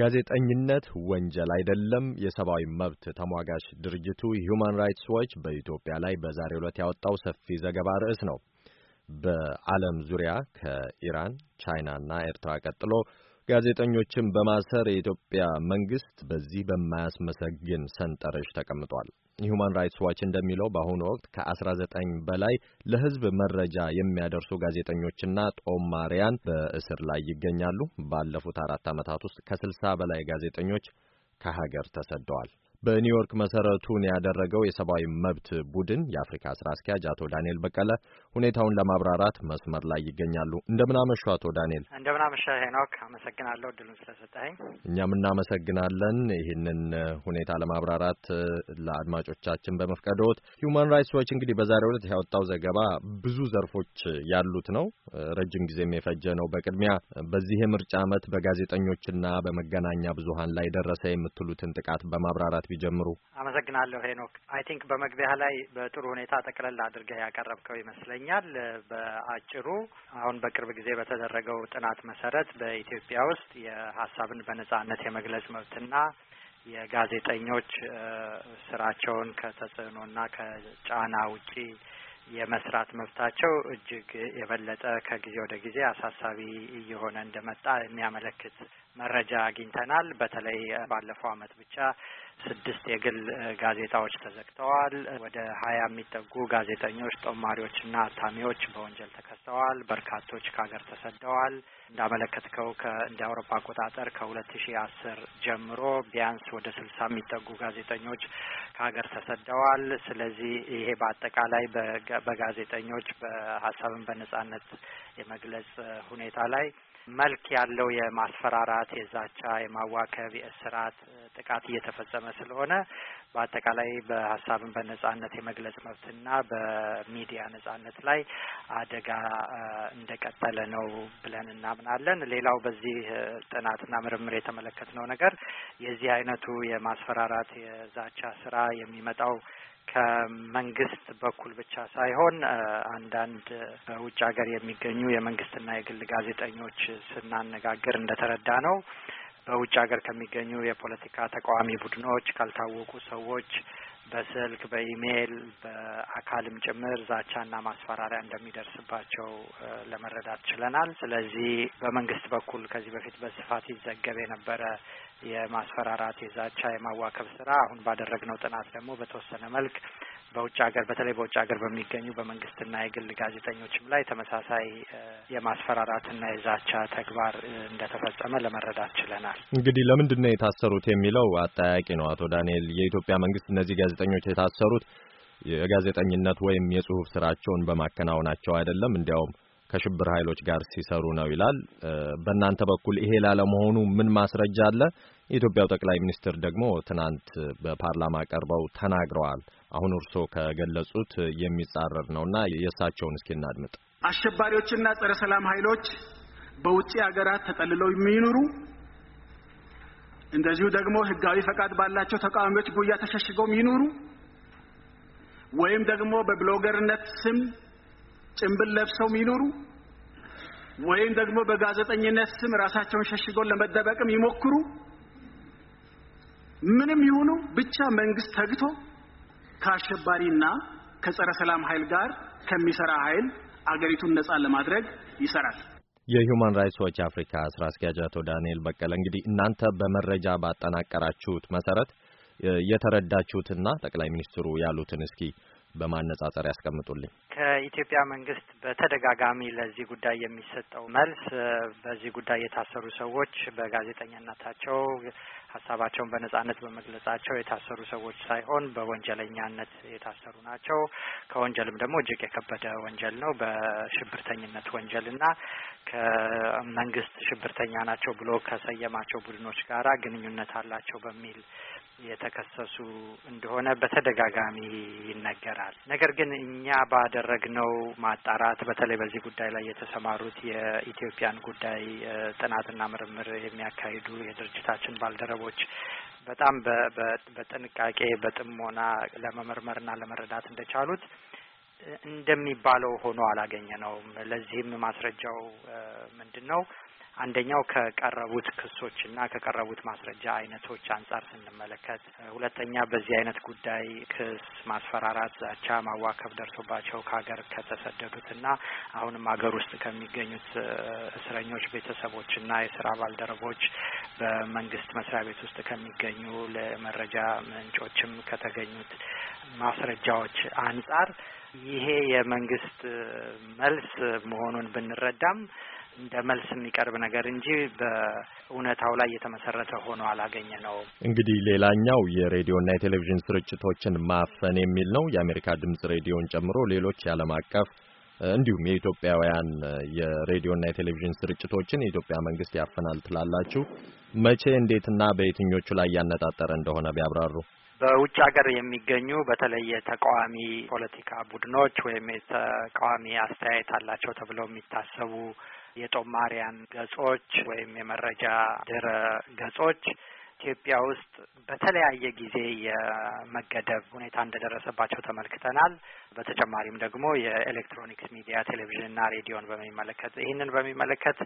ጋዜጠኝነት ወንጀል አይደለም። የሰብአዊ መብት ተሟጋች ድርጅቱ ሂውማን ራይትስ ዎች በኢትዮጵያ ላይ በዛሬው ዕለት ያወጣው ሰፊ ዘገባ ርዕስ ነው። በዓለም ዙሪያ ከኢራን፣ ቻይናና ኤርትራ ቀጥሎ ጋዜጠኞችን በማሰር የኢትዮጵያ መንግስት በዚህ በማያስመሰግን ሰንጠረዥ ተቀምጧል። ሁማን ራይትስ ዋች እንደሚለው በአሁኑ ወቅት ከ19 በላይ ለሕዝብ መረጃ የሚያደርሱ ጋዜጠኞችና ጦማሪያን በእስር ላይ ይገኛሉ። ባለፉት አራት ዓመታት ውስጥ ከ60 በላይ ጋዜጠኞች ከሀገር ተሰደዋል። በኒውዮርክ መሰረቱን ያደረገው የሰብአዊ መብት ቡድን የአፍሪካ ስራ አስኪያጅ አቶ ዳንኤል በቀለ ሁኔታውን ለማብራራት መስመር ላይ ይገኛሉ። እንደምናመሹ አቶ ዳንኤል። እንደምናመሻ ሄኖክ፣ አመሰግናለሁ እድሉን ስለሰጠኝ። እኛም እናመሰግናለን ይህንን ሁኔታ ለማብራራት ለአድማጮቻችን በመፍቀደዎት። ሂውማን ራይትስ ዎች እንግዲህ በዛሬው ዕለት ያወጣው ዘገባ ብዙ ዘርፎች ያሉት ነው። ረጅም ጊዜም የፈጀ ነው። በቅድሚያ በዚህ የምርጫ ዓመት በጋዜጠኞችና በመገናኛ ብዙሀን ላይ ደረሰ የምትሉትን ጥቃት በማብራራት ቢጀምሩ። አመሰግናለሁ ሄኖክ። አይ ቲንክ በመግቢያ ላይ በጥሩ ሁኔታ ጠቅለል አድርገህ ያቀረብከው ይመስለኛል። በአጭሩ አሁን በቅርብ ጊዜ በተደረገው ጥናት መሰረት በኢትዮጵያ ውስጥ የሀሳብን በነጻነት የመግለጽ መብትና የጋዜጠኞች ስራቸውን ከተጽዕኖና ከጫና ውጪ የመስራት መብታቸው እጅግ የበለጠ ከጊዜ ወደ ጊዜ አሳሳቢ እየሆነ እንደመጣ የሚያመለክት መረጃ አግኝተናል። በተለይ ባለፈው ዓመት ብቻ ስድስት የግል ጋዜጣዎች ተዘግተዋል። ወደ ሀያ የሚጠጉ ጋዜጠኞች፣ ጦማሪዎችና አታሚዎች በወንጀል ተከሰዋል። በርካቶች ከሀገር ተሰደዋል። እንዳመለከትከው እንደ አውሮፓ አቆጣጠር ከሁለት ሺ አስር ጀምሮ ቢያንስ ወደ ስልሳ የሚጠጉ ጋዜጠኞች ከሀገር ተሰደዋል። ስለዚህ ይሄ በአጠቃላይ በጋዜጠኞች በሀሳብን በነጻነት የመግለጽ ሁኔታ ላይ መልክ ያለው የማስፈራራት፣ የዛቻ፣ የማዋከብ፣ የእስራት ጥቃት እየተፈጸመ ስለሆነ በአጠቃላይ በሀሳብን በነጻነት የመግለጽ መብትና በሚዲያ ነጻነት ላይ አደጋ እንደቀጠለ ነው ብለን እናምናለን። ሌላው በዚህ ጥናትና ምርምር የተመለከትነው ነገር የዚህ አይነቱ የማስፈራራት የዛቻ ስራ የሚመጣው ከመንግስት በኩል ብቻ ሳይሆን አንዳንድ ውጭ ሀገር የሚገኙ የመንግስትና የግል ጋዜጠኞች ስናነጋግር እንደተረዳ ነው በውጭ ሀገር ከሚገኙ የፖለቲካ ተቃዋሚ ቡድኖች፣ ካልታወቁ ሰዎች በስልክ በኢሜይል በአካልም ጭምር ዛቻና ማስፈራሪያ እንደሚደርስባቸው ለመረዳት ችለናል። ስለዚህ በመንግስት በኩል ከዚህ በፊት በስፋት ይዘገብ የነበረ የማስፈራራት፣ የዛቻ፣ የማዋከብ ስራ አሁን ባደረግነው ጥናት ደግሞ በተወሰነ መልክ በውጭ ሀገር በተለይ በውጭ ሀገር በሚገኙ በመንግስትና የግል ጋዜጠኞችም ላይ ተመሳሳይ የማስፈራራትና የዛቻ ተግባር እንደተፈጸመ ለመረዳት ችለናል። እንግዲህ ለምንድን ነው የታሰሩት የሚለው አጠያቂ ነው። አቶ ዳንኤል፣ የኢትዮጵያ መንግስት እነዚህ ጋዜጠኞች የታሰሩት የጋዜጠኝነት ወይም የጽሁፍ ስራቸውን በማከናወናቸው አይደለም፣ እንዲያውም ከሽብር ኃይሎች ጋር ሲሰሩ ነው ይላል። በእናንተ በኩል ይሄ ላለመሆኑ ምን ማስረጃ አለ? የኢትዮጵያው ጠቅላይ ሚኒስትር ደግሞ ትናንት በፓርላማ ቀርበው ተናግረዋል። አሁን እርስዎ ከገለጹት የሚጻረር ነውና የእሳቸውን እስኪ እናድምጥ። አሸባሪዎችና ጸረ ሰላም ኃይሎች በውጭ ሀገራት ተጠልለው የሚኖሩ እንደዚሁ ደግሞ ህጋዊ ፈቃድ ባላቸው ተቃዋሚዎች ጉያ ተሸሽገውም ይኑሩ ወይም ደግሞ በብሎገርነት ስም ጭንብል ለብሰውም ይኑሩ ወይም ደግሞ በጋዜጠኝነት ስም ራሳቸውን ሸሽገው ለመደበቅም ይሞክሩ፣ ምንም ይሁኑ ብቻ መንግስት ተግቶ ከአሸባሪና ከጸረ ሰላም ኃይል ጋር ከሚሰራ ኃይል አገሪቱን ነጻ ለማድረግ ይሰራል። የሁማን ራይትስ ዎች አፍሪካ ስራ አስኪያጅ አቶ ዳንኤል በቀለ፣ እንግዲህ እናንተ በመረጃ ባጠናቀራችሁት መሰረት የተረዳችሁትና ጠቅላይ ሚኒስትሩ ያሉትን እስኪ በማነጻጸር ያስቀምጡልኝ። ከኢትዮጵያ መንግስት በተደጋጋሚ ለዚህ ጉዳይ የሚሰጠው መልስ በዚህ ጉዳይ የታሰሩ ሰዎች በጋዜጠኝነታቸው ሀሳባቸውን በነጻነት በመግለጻቸው የታሰሩ ሰዎች ሳይሆን በወንጀለኛነት የታሰሩ ናቸው። ከወንጀልም ደግሞ እጅግ የከበደ ወንጀል ነው። በሽብርተኝነት ወንጀል እና ከመንግስት ሽብርተኛ ናቸው ብሎ ከሰየማቸው ቡድኖች ጋራ ግንኙነት አላቸው በሚል የተከሰሱ እንደሆነ በተደጋጋሚ ይነገራል። ነገር ግን እኛ ባደረግነው ማጣራት በተለይ በዚህ ጉዳይ ላይ የተሰማሩት የኢትዮጵያን ጉዳይ ጥናትና ምርምር የሚያካሂዱ የድርጅታችን ባልደረቦች በጣም በጥንቃቄ በጥሞና ለመመርመርና ለመረዳት እንደቻሉት እንደሚባለው ሆኖ አላገኘ ነውም። ለዚህም ማስረጃው ምንድን ነው? አንደኛው ከቀረቡት ክሶች እና ከቀረቡት ማስረጃ አይነቶች አንጻር ስንመለከት፣ ሁለተኛ በዚህ አይነት ጉዳይ ክስ፣ ማስፈራራት፣ ዛቻ፣ ማዋከብ ደርሶባቸው ከሀገር ከተሰደዱት እና አሁንም ሀገር ውስጥ ከሚገኙት እስረኞች ቤተሰቦች እና የስራ ባልደረቦች በመንግስት መስሪያ ቤት ውስጥ ከሚገኙ ለመረጃ ምንጮችም ከተገኙት ማስረጃዎች አንጻር ይሄ የመንግስት መልስ መሆኑን ብንረዳም እንደ መልስ የሚቀርብ ነገር እንጂ በእውነታው ላይ የተመሰረተ ሆኖ አላገኘ ነው። እንግዲህ ሌላኛው የሬዲዮና የቴሌቪዥን ስርጭቶችን ማፈን የሚል ነው። የአሜሪካ ድምጽ ሬዲዮን ጨምሮ ሌሎች የዓለም አቀፍ እንዲሁም የኢትዮጵያውያን የሬዲዮና የቴሌቪዥን ስርጭቶችን የኢትዮጵያ መንግስት ያፈናል ትላላችሁ? መቼ፣ እንዴትና በየትኞቹ ላይ ያነጣጠረ እንደሆነ ቢያብራሩ። በውጭ ሀገር የሚገኙ በተለይ የተቃዋሚ ፖለቲካ ቡድኖች ወይም የተቃዋሚ አስተያየት አላቸው ተብለው የሚታሰቡ የጦማሪያን ገጾች ወይም የመረጃ ድረ ገጾች ኢትዮጵያ ውስጥ በተለያየ ጊዜ የመገደብ ሁኔታ እንደደረሰባቸው ተመልክተናል። በተጨማሪም ደግሞ የኤሌክትሮኒክስ ሚዲያ ቴሌቪዥንና ሬዲዮን በሚመለከት ይህንን በሚመለከት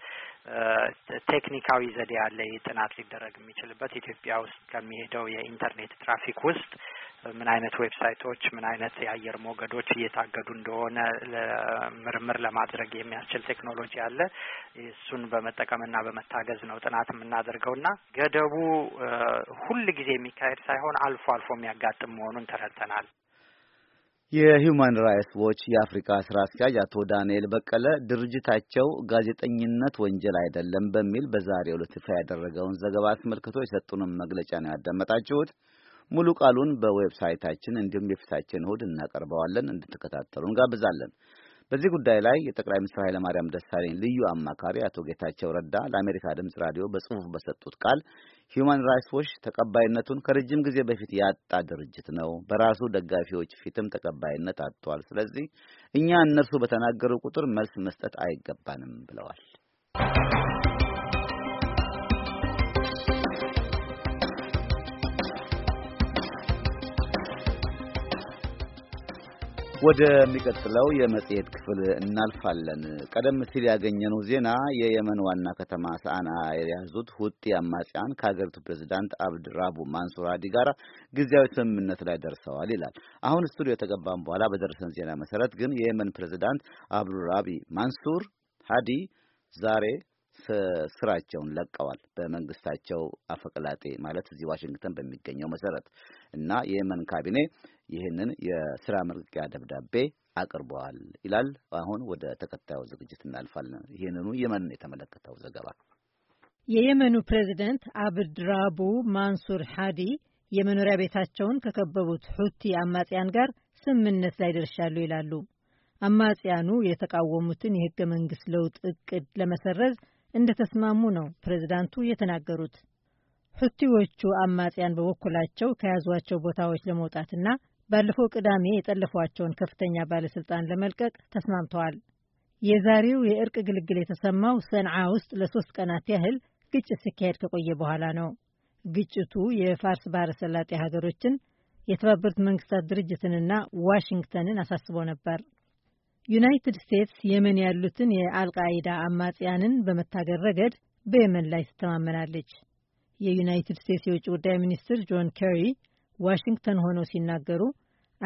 ቴክኒካዊ ዘዴ ያለ ጥናት ሊደረግ የሚችልበት ኢትዮጵያ ውስጥ ከሚሄደው የኢንተርኔት ትራፊክ ውስጥ ምን አይነት ዌብሳይቶች፣ ምን አይነት የአየር ሞገዶች እየታገዱ እንደሆነ ምርምር ለማድረግ የሚያስችል ቴክኖሎጂ አለ። እሱን በመጠቀምና በመታገዝ ነው ጥናት የምናደርገውና ገደቡ ሁል ጊዜ የሚካሄድ ሳይሆን አልፎ አልፎ የሚያጋጥም መሆኑን ተረድተናል። የሂዩማን ራይትስ ዎች የአፍሪካ ስራ አስኪያጅ አቶ ዳንኤል በቀለ ድርጅታቸው ጋዜጠኝነት ወንጀል አይደለም በሚል በዛሬው ዕለት ይፋ ያደረገውን ዘገባ አስመልክቶ የሰጡንም መግለጫ ነው ያዳመጣችሁት። ሙሉ ቃሉን በዌብሳይታችን እንዲሁም የፊታችን እሁድ እናቀርበዋለን። እንድትከታተሉ እንጋብዛለን። በዚህ ጉዳይ ላይ የጠቅላይ ሚኒስትር ኃይለማርያም ደሳለኝ ልዩ አማካሪ አቶ ጌታቸው ረዳ ለአሜሪካ ድምፅ ራዲዮ በጽሑፍ በሰጡት ቃል ሂዩማን ራይትስ ዎች ተቀባይነቱን ከረጅም ጊዜ በፊት ያጣ ድርጅት ነው፣ በራሱ ደጋፊዎች ፊትም ተቀባይነት አጥቷል። ስለዚህ እኛ እነርሱ በተናገሩ ቁጥር መልስ መስጠት አይገባንም ብለዋል። ወደሚቀጥለው የመጽሔት ክፍል እናልፋለን። ቀደም ሲል ያገኘነው ዜና የየመን ዋና ከተማ ሰአና የያዙት ሁቲ አማጽያን ከሀገሪቱ ፕሬዚዳንት አብድ ራቡ ማንሱር ሀዲ ጋር ጊዜያዊ ስምምነት ላይ ደርሰዋል ይላል። አሁን ስቱዲዮ የተገባም በኋላ በደረሰን ዜና መሰረት ግን የየመን ፕሬዚዳንት አብዱራቢ ማንሱር ሀዲ ዛሬ ስራቸውን ለቀዋል። በመንግስታቸው አፈቅላጤ ማለት እዚህ ዋሽንግተን በሚገኘው መሰረት እና የየመን ካቢኔ ይህንን የስራ መልቀቂያ ደብዳቤ አቅርበዋል ይላል። አሁን ወደ ተከታዩ ዝግጅት እናልፋለን። ይህንኑ የመን የተመለከተው ዘገባ የየመኑ ፕሬዚደንት አብድራቡ ማንሱር ሃዲ የመኖሪያ ቤታቸውን ከከበቡት ሁቲ አማጽያን ጋር ስምምነት ላይ ደርሻሉ ይላሉ። አማጽያኑ የተቃወሙትን የህገ መንግስት ለውጥ እቅድ ለመሰረዝ እንደተስማሙ ነው ፕሬዚዳንቱ የተናገሩት። ሁቲዎቹ አማጽያን በበኩላቸው ከያዟቸው ቦታዎች ለመውጣትና ባለፈው ቅዳሜ የጠለፏቸውን ከፍተኛ ባለሥልጣን ለመልቀቅ ተስማምተዋል። የዛሬው የእርቅ ግልግል የተሰማው ሰንዓ ውስጥ ለሶስት ቀናት ያህል ግጭት ሲካሄድ ከቆየ በኋላ ነው። ግጭቱ የፋርስ ባህረ ሰላጤ ሀገሮችን የተባበሩት መንግስታት ድርጅትንና ዋሽንግተንን አሳስቦ ነበር። ዩናይትድ ስቴትስ የመን ያሉትን የአልቃይዳ አማጽያንን በመታገል ረገድ በየመን ላይ ትተማመናለች። የዩናይትድ ስቴትስ የውጭ ጉዳይ ሚኒስትር ጆን ኬሪ ዋሽንግተን ሆነው ሲናገሩ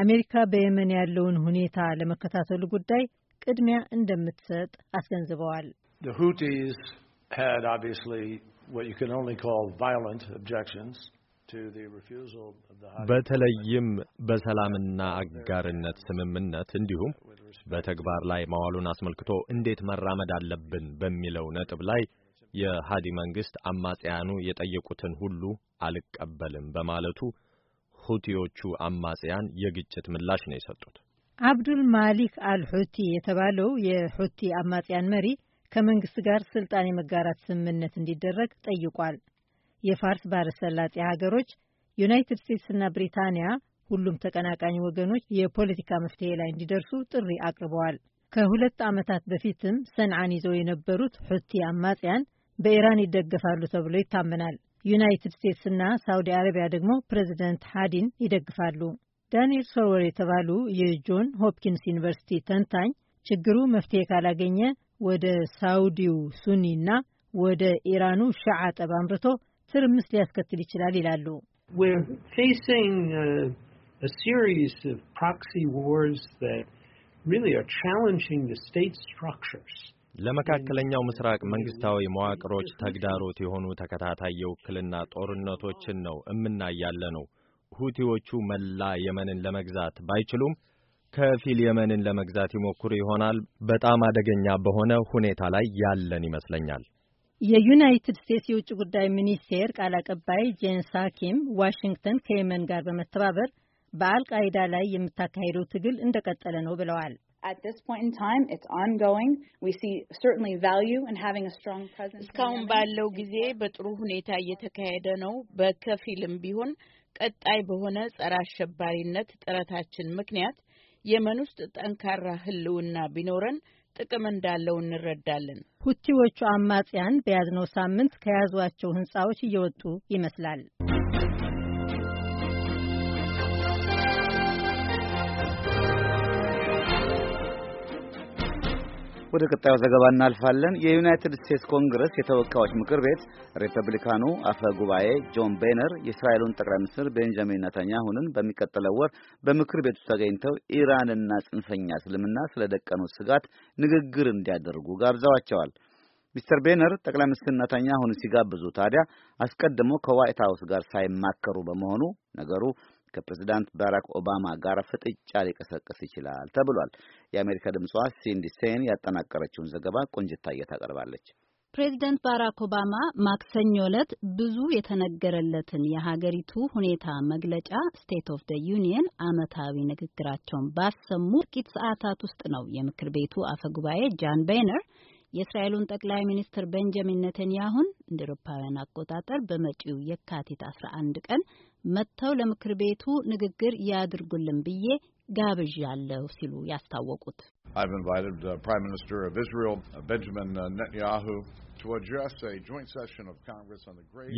አሜሪካ በየመን ያለውን ሁኔታ ለመከታተሉ ጉዳይ ቅድሚያ እንደምትሰጥ አስገንዝበዋል። ሁቲስ Houthis had obviously what you can በተለይም በሰላምና አጋርነት ስምምነት እንዲሁም በተግባር ላይ ማዋሉን አስመልክቶ እንዴት መራመድ አለብን በሚለው ነጥብ ላይ የሃዲ መንግስት አማጽያኑ የጠየቁትን ሁሉ አልቀበልም በማለቱ ሁቲዎቹ አማጽያን የግጭት ምላሽ ነው የሰጡት። አብዱል ማሊክ አልሁቲ የተባለው የሁቲ አማጽያን መሪ ከመንግስት ጋር ስልጣን የመጋራት ስምምነት እንዲደረግ ጠይቋል። የፋርስ ባረሰላጤ ሰላጤ ሀገሮች ዩናይትድ ስቴትስና ብሪታንያ ሁሉም ተቀናቃኝ ወገኖች የፖለቲካ መፍትሄ ላይ እንዲደርሱ ጥሪ አቅርበዋል። ከሁለት ዓመታት በፊትም ሰንዓን ይዘው የነበሩት ሑቲ አማጽያን በኢራን ይደገፋሉ ተብሎ ይታመናል። ዩናይትድ ስቴትስና ሳውዲ አረቢያ ደግሞ ፕሬዚደንት ሃዲን ይደግፋሉ። ዳንኤል ሶወር የተባሉ የጆን ሆፕኪንስ ዩኒቨርሲቲ ተንታኝ ችግሩ መፍትሄ ካላገኘ ወደ ሳውዲው ሱኒና ወደ ኢራኑ ሸዓ ጠብ አምርቶ ትርምስ ሊያስከትል ይችላል ይላሉ። ለመካከለኛው ምስራቅ መንግስታዊ መዋቅሮች ተግዳሮት የሆኑ ተከታታይ የውክልና ጦርነቶችን ነው እምናያለ ነው። ሁቲዎቹ መላ የመንን ለመግዛት ባይችሉም ከፊል የመንን ለመግዛት ይሞክሩ ይሆናል። በጣም አደገኛ በሆነ ሁኔታ ላይ ያለን ይመስለኛል። የዩናይትድ ስቴትስ የውጭ ጉዳይ ሚኒስቴር ቃል አቀባይ ጄን ሳኪም ዋሽንግተን ከየመን ጋር በመተባበር በአልቃይዳ ላይ የምታካሄደው ትግል እንደቀጠለ ነው ብለዋል። እስካሁን ባለው ጊዜ በጥሩ ሁኔታ እየተካሄደ ነው። በከፊልም ቢሆን ቀጣይ በሆነ ጸረ አሸባሪነት ጥረታችን ምክንያት የመን ውስጥ ጠንካራ ሕልውና ቢኖረን ጥቅም እንዳለው እንረዳለን። ሁቲዎቹ አማጽያን በያዝነው ሳምንት ከያዟቸው ህንፃዎች እየወጡ ይመስላል። ወደ ቀጣዩ ዘገባ እናልፋለን። የዩናይትድ ስቴትስ ኮንግረስ የተወካዮች ምክር ቤት ሪፐብሊካኑ አፈ ጉባኤ ጆን ቤነር የእስራኤሉን ጠቅላይ ሚኒስትር ቤንጃሚን ነታንያሁንን በሚቀጥለው ወር በምክር ቤቱ ተገኝተው ኢራንና ጽንፈኛ እስልምና ስለደቀኑት ስጋት ንግግር እንዲያደርጉ ጋብዘዋቸዋል። ሚስተር ቤነር ጠቅላይ ሚኒስትር ነታንያሁን ሲጋብዙ ታዲያ አስቀድሞ ከዋይት ሀውስ ጋር ሳይማከሩ በመሆኑ ነገሩ ከፕሬዚዳንት ባራክ ኦባማ ጋር ፍጥጫ ሊቀሰቅስ ይችላል ተብሏል። የአሜሪካ ድምጿ ሲንዲ ሴን ያጠናቀረችውን ዘገባ ቆንጅታዬ ታቀርባለች። ፕሬዚደንት ባራክ ኦባማ ማክሰኞ ዕለት ብዙ የተነገረለትን የሀገሪቱ ሁኔታ መግለጫ ስቴት ኦፍ ደ ዩኒየን ዓመታዊ ንግግራቸውን ባሰሙ ጥቂት ሰዓታት ውስጥ ነው የምክር ቤቱ አፈ ጉባኤ ጃን ቤነር የእስራኤሉን ጠቅላይ ሚኒስትር ቤንጃሚን ኔተንያሁን እንደ አውሮፓውያን አቆጣጠር በመጪው የካቲት 11 ቀን መጥተው ለምክር ቤቱ ንግግር ያድርጉልን ብዬ ጋብዣለሁ ሲሉ ያስታወቁት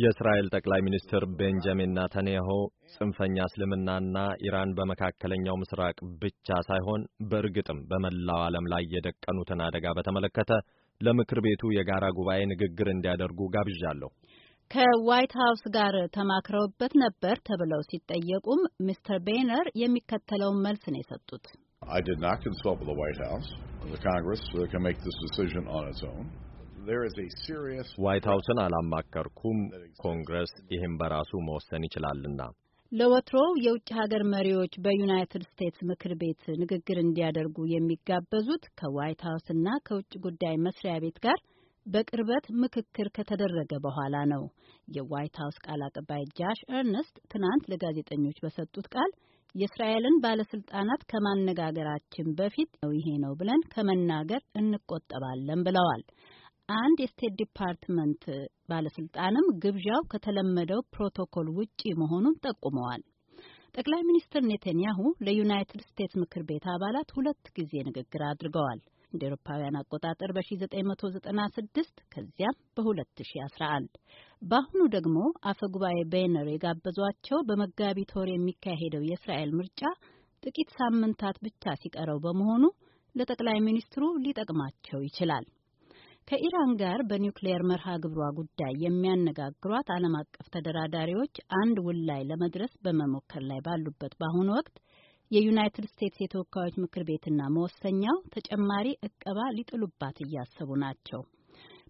የእስራኤል ጠቅላይ ሚኒስትር ቤንጃሚን ናታንያሁ ጽንፈኛ እስልምናና ኢራን በመካከለኛው ምስራቅ ብቻ ሳይሆን በእርግጥም በመላው ዓለም ላይ የደቀኑትን አደጋ በተመለከተ ለምክር ቤቱ የጋራ ጉባኤ ንግግር እንዲያደርጉ ጋብዣለሁ። ከዋይት ሀውስ ጋር ተማክረውበት ነበር ተብለው ሲጠየቁም ሚስተር ቤነር የሚከተለውን መልስ ነው የሰጡት። ዋይት ሀውስን አላማከርኩም። ኮንግረስ ይህን በራሱ መወሰን ይችላልና። ለወትሮው የውጭ ሀገር መሪዎች በዩናይትድ ስቴትስ ምክር ቤት ንግግር እንዲያደርጉ የሚጋበዙት ከዋይት ሀውስና ከውጭ ጉዳይ መስሪያ ቤት ጋር በቅርበት ምክክር ከተደረገ በኋላ ነው። የዋይት ሀውስ ቃል አቀባይ ጃሽ ኤርነስት ትናንት ለጋዜጠኞች በሰጡት ቃል የእስራኤልን ባለስልጣናት ከማነጋገራችን በፊት ነው ይሄ ነው ብለን ከመናገር እንቆጠባለን ብለዋል። አንድ የስቴት ዲፓርትመንት ባለስልጣንም ግብዣው ከተለመደው ፕሮቶኮል ውጪ መሆኑን ጠቁመዋል። ጠቅላይ ሚኒስትር ኔተንያሁ ለዩናይትድ ስቴትስ ምክር ቤት አባላት ሁለት ጊዜ ንግግር አድርገዋል። እንደ ኤሮፓውያን አቆጣጠር በ1996 ከዚያም በ2011 በአሁኑ ደግሞ አፈጉባኤ ቤነር የጋበዟቸው በመጋቢት ወር የሚካሄደው የእስራኤል ምርጫ ጥቂት ሳምንታት ብቻ ሲቀረው በመሆኑ ለጠቅላይ ሚኒስትሩ ሊጠቅማቸው ይችላል። ከኢራን ጋር በኒውክሌየር መርሃ ግብሯ ጉዳይ የሚያነጋግሯት ዓለም አቀፍ ተደራዳሪዎች አንድ ውል ላይ ለመድረስ በመሞከር ላይ ባሉበት በአሁኑ ወቅት የዩናይትድ ስቴትስ የተወካዮች ምክር ቤትና መወሰኛው ተጨማሪ እቀባ ሊጥሉባት እያሰቡ ናቸው።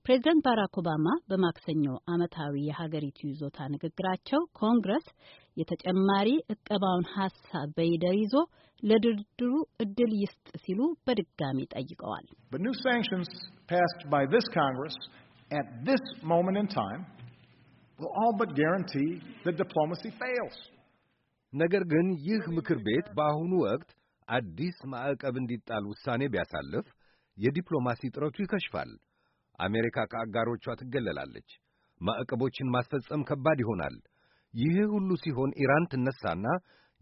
ፕሬዝደንት ባራክ ኦባማ በማክሰኞ ዓመታዊ የሀገሪቱ ይዞታ ንግግራቸው ኮንግረስ የተጨማሪ እቀባውን ሀሳብ በይደር ይዞ ለድርድሩ እድል ይስጥ ሲሉ በድጋሚ ጠይቀዋል። ነገር ግን ይህ ምክር ቤት በአሁኑ ወቅት አዲስ ማዕቀብ እንዲጣል ውሳኔ ቢያሳልፍ የዲፕሎማሲ ጥረቱ ይከሽፋል። አሜሪካ ከአጋሮቿ ትገለላለች። ማዕቀቦችን ማስፈጸም ከባድ ይሆናል። ይህ ሁሉ ሲሆን ኢራን ትነሳና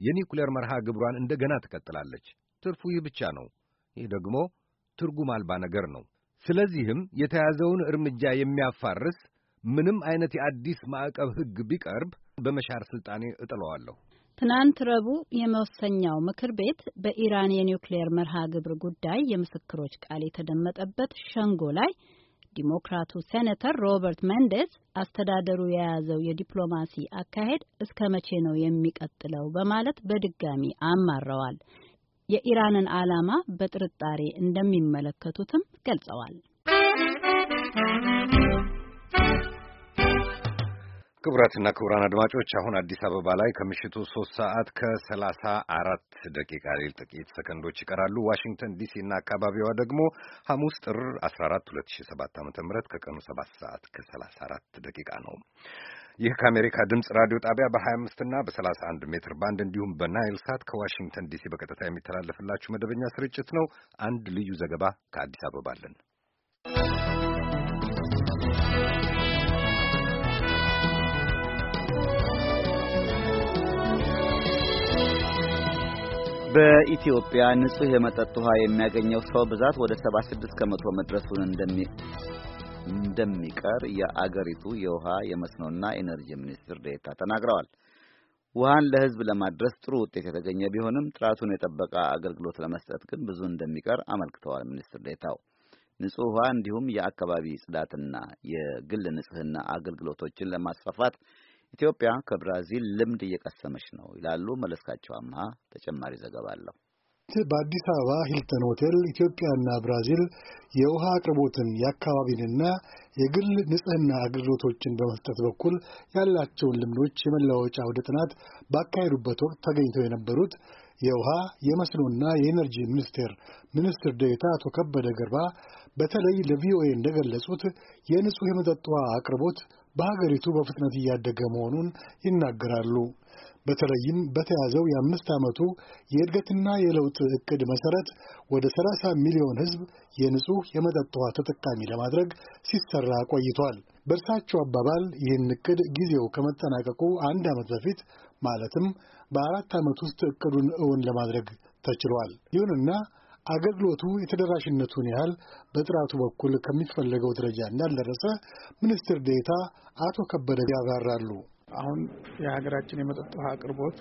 የኒውክሌር መርሃ ግብሯን እንደገና ትቀጥላለች። ትርፉ ይህ ብቻ ነው። ይህ ደግሞ ትርጉም አልባ ነገር ነው። ስለዚህም የተያዘውን እርምጃ የሚያፋርስ ምንም አይነት የአዲስ ማዕቀብ ሕግ ቢቀርብ በመሻር ሥልጣኔ እጥለዋለሁ። ትናንት ረቡዕ የመወሰኛው ምክር ቤት በኢራን የኒውክሌየር መርሃ ግብር ጉዳይ የምስክሮች ቃል የተደመጠበት ሸንጎ ላይ ዲሞክራቱ ሴኔተር ሮበርት መንደስ አስተዳደሩ የያዘው የዲፕሎማሲ አካሄድ እስከ መቼ ነው የሚቀጥለው በማለት በድጋሚ አማረዋል። የኢራንን ዓላማ በጥርጣሬ እንደሚመለከቱትም ገልጸዋል። ክቡራትና ክቡራን አድማጮች አሁን አዲስ አበባ ላይ ከምሽቱ ሶስት ሰዓት ከሰላሳ አራት ደቂቃ ሌል ጥቂት ሰከንዶች ይቀራሉ። ዋሽንግተን ዲሲ እና አካባቢዋ ደግሞ ሐሙስ ጥር አስራ አራት ሁለት ሺህ ሰባት ዓመተ ከቀኑ ሰባት ሰዓት ከሰላሳ አራት ደቂቃ ነው። ይህ ከአሜሪካ ድምፅ ራዲዮ ጣቢያ በ25 እና በ31 ሜትር ባንድ እንዲሁም በናይል ሳት ከዋሽንግተን ዲሲ በቀጥታ የሚተላለፍላችሁ መደበኛ ስርጭት ነው። አንድ ልዩ ዘገባ ከአዲስ አበባ አለን። በኢትዮጵያ ንጹህ የመጠጥ ውሃ የሚያገኘው ሰው ብዛት ወደ 76 ከመቶ መድረሱን እንደሚቀር የአገሪቱ የውሃ የመስኖና ኤነርጂ ሚኒስትር ዴታ ተናግረዋል። ውሃን ለህዝብ ለማድረስ ጥሩ ውጤት የተገኘ ቢሆንም ጥራቱን የጠበቀ አገልግሎት ለመስጠት ግን ብዙ እንደሚቀር አመልክተዋል። ሚኒስትር ዴታው ንጹህ ውሃ እንዲሁም የአካባቢ ጽዳትና የግል ንጽህና አገልግሎቶችን ለማስፋፋት ኢትዮጵያ ከብራዚል ልምድ እየቀሰመች ነው ይላሉ መለስካቸው አምሃ ተጨማሪ ዘገባ አለው። በአዲስ አበባ ሂልተን ሆቴል ኢትዮጵያና ብራዚል የውሃ አቅርቦትን የአካባቢንና የግል ንጽህና አገልግሎቶችን በመስጠት በኩል ያላቸውን ልምዶች የመለዋወጫ ወደ ጥናት ባካሄዱበት ወቅት ተገኝተው የነበሩት የውሃ የመስኖና የኤነርጂ ሚኒስቴር ሚኒስትር ዴኤታ አቶ ከበደ ገርባ በተለይ ለቪኦኤ እንደገለጹት የንጹህ የመጠጥ ውሃ አቅርቦት በሀገሪቱ በፍጥነት እያደገ መሆኑን ይናገራሉ። በተለይም በተያዘው የአምስት ዓመቱ የእድገትና የለውጥ እቅድ መሠረት ወደ 30 ሚሊዮን ሕዝብ የንጹሕ የመጠጥ ውሃ ተጠቃሚ ለማድረግ ሲሰራ ቆይቷል። በእርሳቸው አባባል ይህን እቅድ ጊዜው ከመጠናቀቁ አንድ ዓመት በፊት ማለትም በአራት ዓመት ውስጥ እቅዱን እውን ለማድረግ ተችሏል። ይሁንና አገልግሎቱ የተደራሽነቱን ያህል በጥራቱ በኩል ከሚፈለገው ደረጃ እንዳልደረሰ ሚኒስትር ዴታ አቶ ከበደ ያብራራሉ። አሁን የሀገራችን የመጠጥ ውሃ አቅርቦት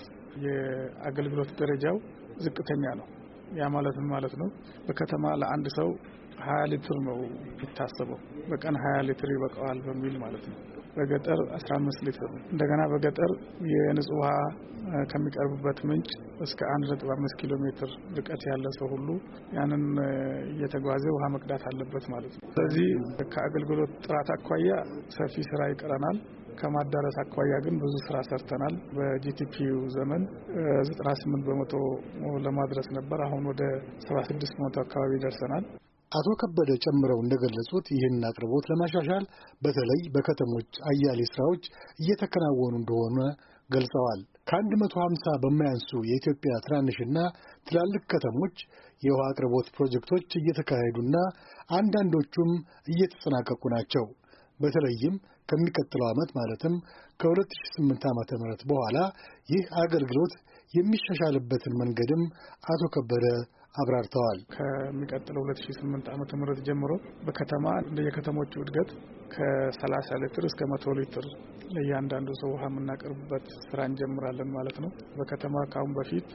የአገልግሎት ደረጃው ዝቅተኛ ነው። ያ ምን ማለት ነው በከተማ ለአንድ ሰው ሀያ ሊትር ነው የሚታሰበው። በቀን ሀያ ሊትር ይበቃዋል በሚል ማለት ነው በገጠር 15 ሊትር እንደገና በገጠር የንጹህ ውሃ ከሚቀርብበት ምንጭ እስከ 1.5 ኪሎ ሜትር ርቀት ያለ ሰው ሁሉ ያንን እየተጓዘ ውሃ መቅዳት አለበት ማለት ነው። ስለዚህ ከአገልግሎት ጥራት አኳያ ሰፊ ስራ ይቀረናል። ከማዳረስ አኳያ ግን ብዙ ስራ ሰርተናል። በጂቲፒ ዘመን 98 በመቶ ለማድረስ ነበር። አሁን ወደ 76 በመቶ አካባቢ ደርሰናል። አቶ ከበደ ጨምረው እንደገለጹት ይህን አቅርቦት ለማሻሻል በተለይ በከተሞች አያሌ ስራዎች እየተከናወኑ እንደሆነ ገልጸዋል። ከአንድ መቶ ሃምሳ በማያንሱ የኢትዮጵያ ትናንሽና ትላልቅ ከተሞች የውሃ አቅርቦት ፕሮጀክቶች እየተካሄዱና አንዳንዶቹም እየተጠናቀቁ ናቸው። በተለይም ከሚቀጥለው ዓመት ማለትም ከ2008 ዓ ም በኋላ ይህ አገልግሎት የሚሻሻልበትን መንገድም አቶ ከበደ አብራርተዋል። ከሚቀጥለው 2008 ዓመተ ምህረት ጀምሮ በከተማ የከተሞቹ እድገት ከ30 ሊትር እስከ 100 ሊትር ለእያንዳንዱ ሰው ውሃ የምናቀርብበት ስራ እንጀምራለን ማለት ነው። በከተማ ካሁን በፊት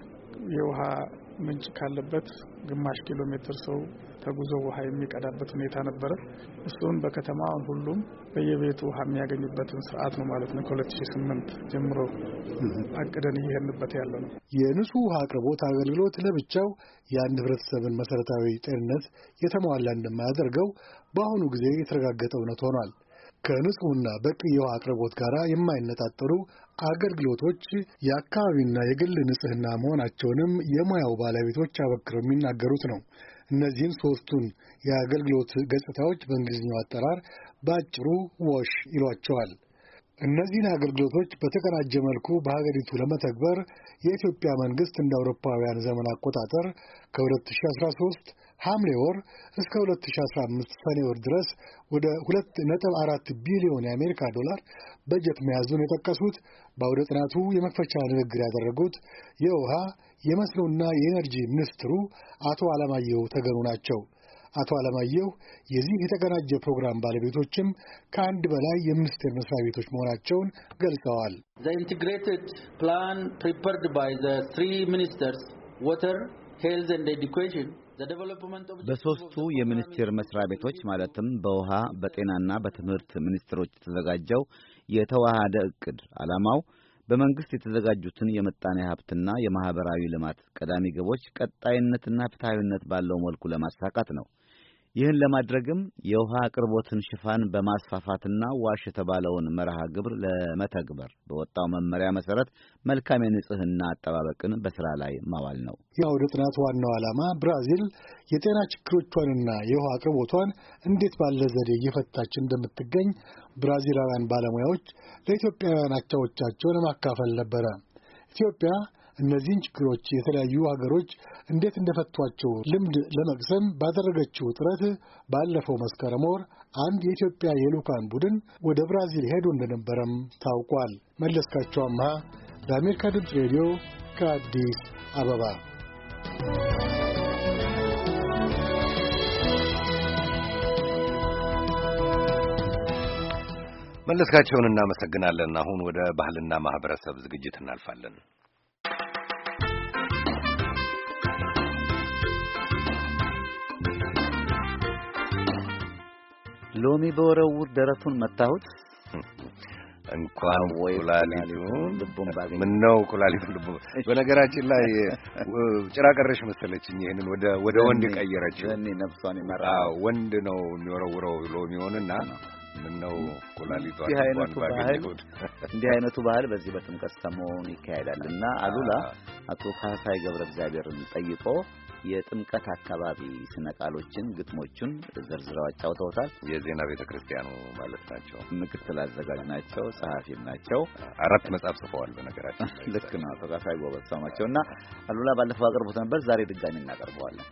የውሃ ምንጭ ካለበት ግማሽ ኪሎ ሜትር ሰው ተጉዞ ውሃ የሚቀዳበት ሁኔታ ነበረ። እሱን በከተማ ሁሉም በየቤቱ ውሃ የሚያገኝበትን ስርዓት ነው ማለት ነው ከ2008 ጀምሮ አቅደን እየሄንበት ያለ ነው። የንጹህ ውሃ አቅርቦት አገልግሎት ለብቻው የአንድ ህብረተሰብን መሰረታዊ ጤንነት የተሟላ እንደማያደርገው በአሁኑ ጊዜ የተረጋገጠ እውነት ሆኗል። ከንጹህና በቂ የውሃ አቅርቦት ጋር የማይነጣጠሩ አገልግሎቶች የአካባቢና የግል ንጽህና መሆናቸውንም የሙያው ባለቤቶች አበክረው የሚናገሩት ነው። እነዚህን ሶስቱን የአገልግሎት ገጽታዎች በእንግሊዝኛው አጠራር በአጭሩ ዎሽ ይሏቸዋል። እነዚህን አገልግሎቶች በተቀናጀ መልኩ በሀገሪቱ ለመተግበር የኢትዮጵያ መንግስት እንደ አውሮፓውያን ዘመን አቆጣጠር ከ2013 ሐምሌ ወር እስከ 2015 ሰኔ ወር ድረስ ወደ 2.4 ቢሊዮን የአሜሪካ ዶላር በጀት መያዙን የጠቀሱት በአውደ ጥናቱ የመክፈቻ ንግግር ያደረጉት የውሃ የመስኖና የኤነርጂ ሚኒስትሩ አቶ አለማየሁ ተገኑ ናቸው። አቶ አለማየሁ የዚህ የተቀናጀ ፕሮግራም ባለቤቶችም ከአንድ በላይ የሚኒስቴር መስሪያ ቤቶች መሆናቸውን ገልጸዋል። ዘ ፕላን ፕሪፐርድ ባይ ዘ ትሪ ሚኒስተርስ ወተር ሄልዝ ኤንድ ኤዱኬሽን በሦስቱ የሚኒስቴር መስሪያ ቤቶች ማለትም በውሃ በጤናና በትምህርት ሚኒስትሮች የተዘጋጀው የተዋሃደ እቅድ ዓላማው በመንግስት የተዘጋጁትን የምጣኔ ሀብትና የማህበራዊ ልማት ቀዳሚ ግቦች ቀጣይነትና ፍትሐዊነት ባለው መልኩ ለማሳካት ነው። ይህን ለማድረግም የውሃ አቅርቦትን ሽፋን በማስፋፋትና ዋሽ የተባለውን መርሃ ግብር ለመተግበር በወጣው መመሪያ መሰረት መልካም የንጽህና አጠባበቅን በስራ ላይ ማዋል ነው። የአውደ ጥናት ዋናው ዓላማ ብራዚል የጤና ችግሮቿንና የውሃ አቅርቦቷን እንዴት ባለ ዘዴ እየፈታች እንደምትገኝ ብራዚላውያን ባለሙያዎች ለኢትዮጵያውያን አቻዎቻቸው ለማካፈል ነበረ። ኢትዮጵያ እነዚህን ችግሮች የተለያዩ ሀገሮች እንዴት እንደፈቷቸው ልምድ ለመቅሰም ባደረገችው ጥረት ባለፈው መስከረም ወር አንድ የኢትዮጵያ የልዑካን ቡድን ወደ ብራዚል ሄዶ እንደነበረም ታውቋል። መለስካቸው አምሃ ለአሜሪካ ድምፅ ሬዲዮ ከአዲስ አበባ መለስካቸውን እናመሰግናለን። አሁን ወደ ባህልና ማህበረሰብ ዝግጅት እናልፋለን። ሎሚ በወረውር ደረቱን መታሁት። እንኳን ወይ ኩላሊቱን ልቡን ባገኘ ምን ነው ኩላሊቱን ልቡን። በነገራችን ላይ ጭራ ቀረሽ መሰለችኝ ይሄንን ወደ ወደ ወንድ ቀየረችው። እኔ ነፍሷን ይመራ ወንድ ነው የሚወረውረው ሎሚ ሆነና ምን ነው ኩላሊቷ እንኳን ባገኘው። እንዲህ አይነቱ ባህል በዚህ በጥምቀት ሰሞኑን ይካሄዳልና አሉላ አቶ ካሳይ ገብረ እግዚአብሔርን ጠይቆ የጥምቀት አካባቢ ስነ ቃሎችን፣ ግጥሞቹን ዘርዝረው አጫውተውታል። የዜና ቤተ ክርስቲያኑ ማለት ናቸው። ምክትል አዘጋጅ ናቸው፣ ጸሐፊም ናቸው። አራት መጽሐፍ ጽፈዋል። በነገራችን ልክ ነው። ተቃሳይ ጎበዝ ሰው ናቸው እና አሉላ ባለፈው አቅርቦት ነበር። ዛሬ ድጋሚ እናቀርበዋለን።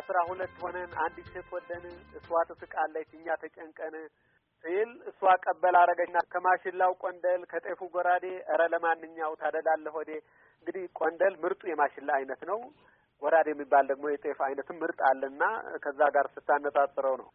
አስራ ሁለት ሆነን አንዲት ሴት ወደን፣ እሷ ትስቃለች፣ እኛ ተጨንቀን ሲል እሷ ቀበል አረገችና ከማሽላው ቆንደል ከጤፉ ጎራዴ እረ ለማንኛው ታደላለህ ወዴ። እንግዲህ ቆንደል ምርጡ የማሽላ አይነት ነው። ጎራዴ የሚባል ደግሞ የጤፍ አይነትም ምርጥ አለና ከዛ ጋር ስታነጻጽረው ነው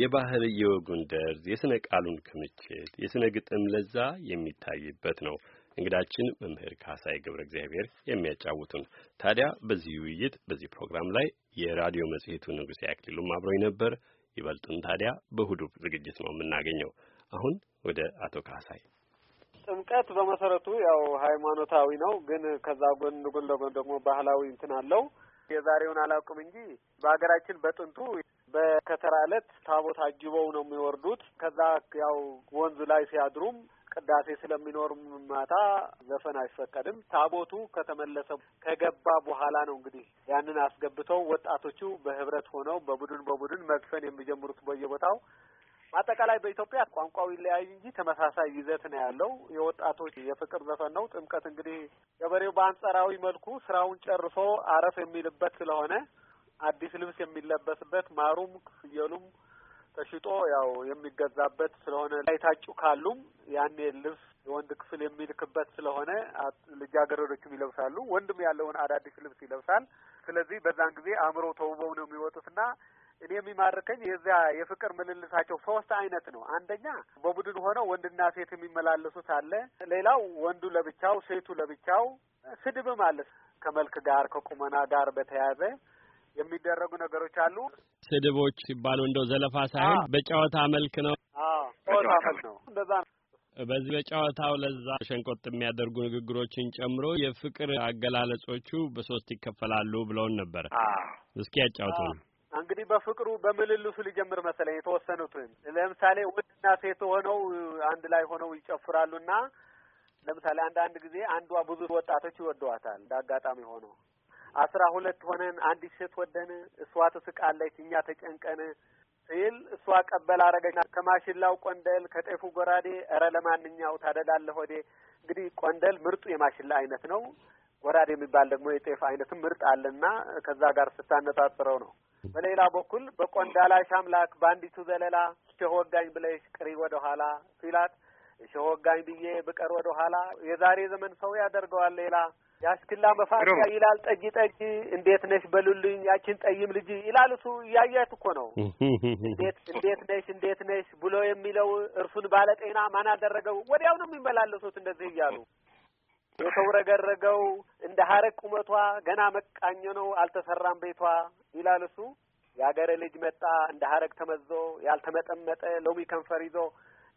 የባህል የወጉን ደርዝ የሥነ ቃሉን ክምችት የሥነ ግጥም ለዛ የሚታይበት ነው። እንግዳችን መምህር ካሳይ ገብረ እግዚአብሔር የሚያጫውቱን። ታዲያ በዚህ ውይይት በዚህ ፕሮግራም ላይ የራዲዮ መጽሔቱ ንጉሴ አክሊሉም አብሮኝ ነበር። ይበልጡን ታዲያ በእሁዱ ዝግጅት ነው የምናገኘው። አሁን ወደ አቶ ካሳይ። ጥምቀት በመሰረቱ ያው ሃይማኖታዊ ነው፣ ግን ከዛ ጎን ጎን ለጎን ደግሞ ባህላዊ እንትን አለው። የዛሬውን አላውቅም እንጂ በሀገራችን በጥንቱ በከተራ ዕለት ታቦት አጅበው ነው የሚወርዱት። ከዛ ያው ወንዝ ላይ ሲያድሩም ቅዳሴ ስለሚኖር ማታ ዘፈን አይፈቀድም። ታቦቱ ከተመለሰ ከገባ በኋላ ነው እንግዲህ ያንን አስገብተው ወጣቶቹ በህብረት ሆነው በቡድን በቡድን መግፈን የሚጀምሩት በየቦታው። አጠቃላይ በኢትዮጵያ ቋንቋው ይለያይ እንጂ ተመሳሳይ ይዘት ነው ያለው። የወጣቶች የፍቅር ዘፈን ነው። ጥምቀት እንግዲህ ገበሬው በአንጻራዊ መልኩ ስራውን ጨርሶ አረፍ የሚልበት ስለሆነ አዲስ ልብስ የሚለበስበት ማሩም ፍየሉም ተሽጦ ያው የሚገዛበት ስለሆነ ላይታጩ ካሉም ያኔ ልብስ የወንድ ክፍል የሚልክበት ስለሆነ ልጃገረዶችም ይለብሳሉ። ወንድም ያለውን አዳዲስ ልብስ ይለብሳል። ስለዚህ በዛን ጊዜ አእምሮ ተውበው ነው የሚወጡትና እኔ የሚማርከኝ የዚያ የፍቅር ምልልሳቸው ሶስት አይነት ነው። አንደኛ በቡድን ሆነው ወንድና ሴት የሚመላለሱት አለ። ሌላው ወንዱ ለብቻው፣ ሴቱ ለብቻው። ስድብም አለ ከመልክ ጋር ከቁመና ጋር በተያያዘ የሚደረጉ ነገሮች አሉ። ስድቦች ሲባሉ እንደው ዘለፋ ሳይሆን በጨዋታ መልክ ነው። ጨዋታ መልክ ነው። እንደዛ ነው። በዚህ በጨዋታው ለዛ ሸንቆጥ የሚያደርጉ ንግግሮችን ጨምሮ የፍቅር አገላለጾቹ በሶስት ይከፈላሉ ብለውን ነበር። እስኪ ያጫውቱ ነው። እንግዲህ በፍቅሩ በምልልሱ ሊጀምር መሰለኝ። የተወሰኑትን ለምሳሌ ወንድና ሴት ሆነው አንድ ላይ ሆነው ይጨፍራሉና ለምሳሌ አንዳንድ ጊዜ አንዷ ብዙ ወጣቶች ይወደዋታል። እንደ አጋጣሚ ሆኖ አስራ ሁለት ሆነን አንዲት ሴት ወደን፣ እሷ ትስቃለች፣ እኛ ተጨንቀን ሲል እሷ ቀበል አረገች። ከማሽላው ቆንደል ከጤፉ ጎራዴ፣ እረ ለማንኛው ታደላለህ ሆዴ እንግዲህ ቆንደል ምርጡ የማሽላ አይነት ነው። ጎራዴ የሚባል ደግሞ የጤፍ አይነትም ምርጥ አለና ከዛ ጋር ስታነጻጽረው ነው። በሌላ በኩል በቆንዳላሽ አምላክ በአንዲቱ ዘለላ ሸህ ወጋኝ ብለሽ ቅሪ ወደ ኋላ ሲላት ሸወጋኝ ብዬ ብቀር ወደ ኋላ የዛሬ ዘመን ሰው ያደርገዋል ሌላ ያስክላ መፋቂያ ይላል። ጠጅ ጠጅ እንዴት ነሽ በሉልኝ ያችን ጠይም ልጅ ይላል። እሱ እያያት እኮ ነው። እንዴት እንዴት ነሽ እንዴት ነሽ ብሎ የሚለው እርሱን ባለጤና ማን አደረገው? ወዲያው ነው የሚመላለሱት እንደዚህ እያሉ የተውረገረገው እንደ ሀረግ ቁመቷ ገና መቃኘ ነው አልተሰራም ቤቷ ይላል እሱ። የአገረ ልጅ መጣ እንደ ሀረግ ተመዞ ያልተመጠመጠ ሎሚ ከንፈር ይዞ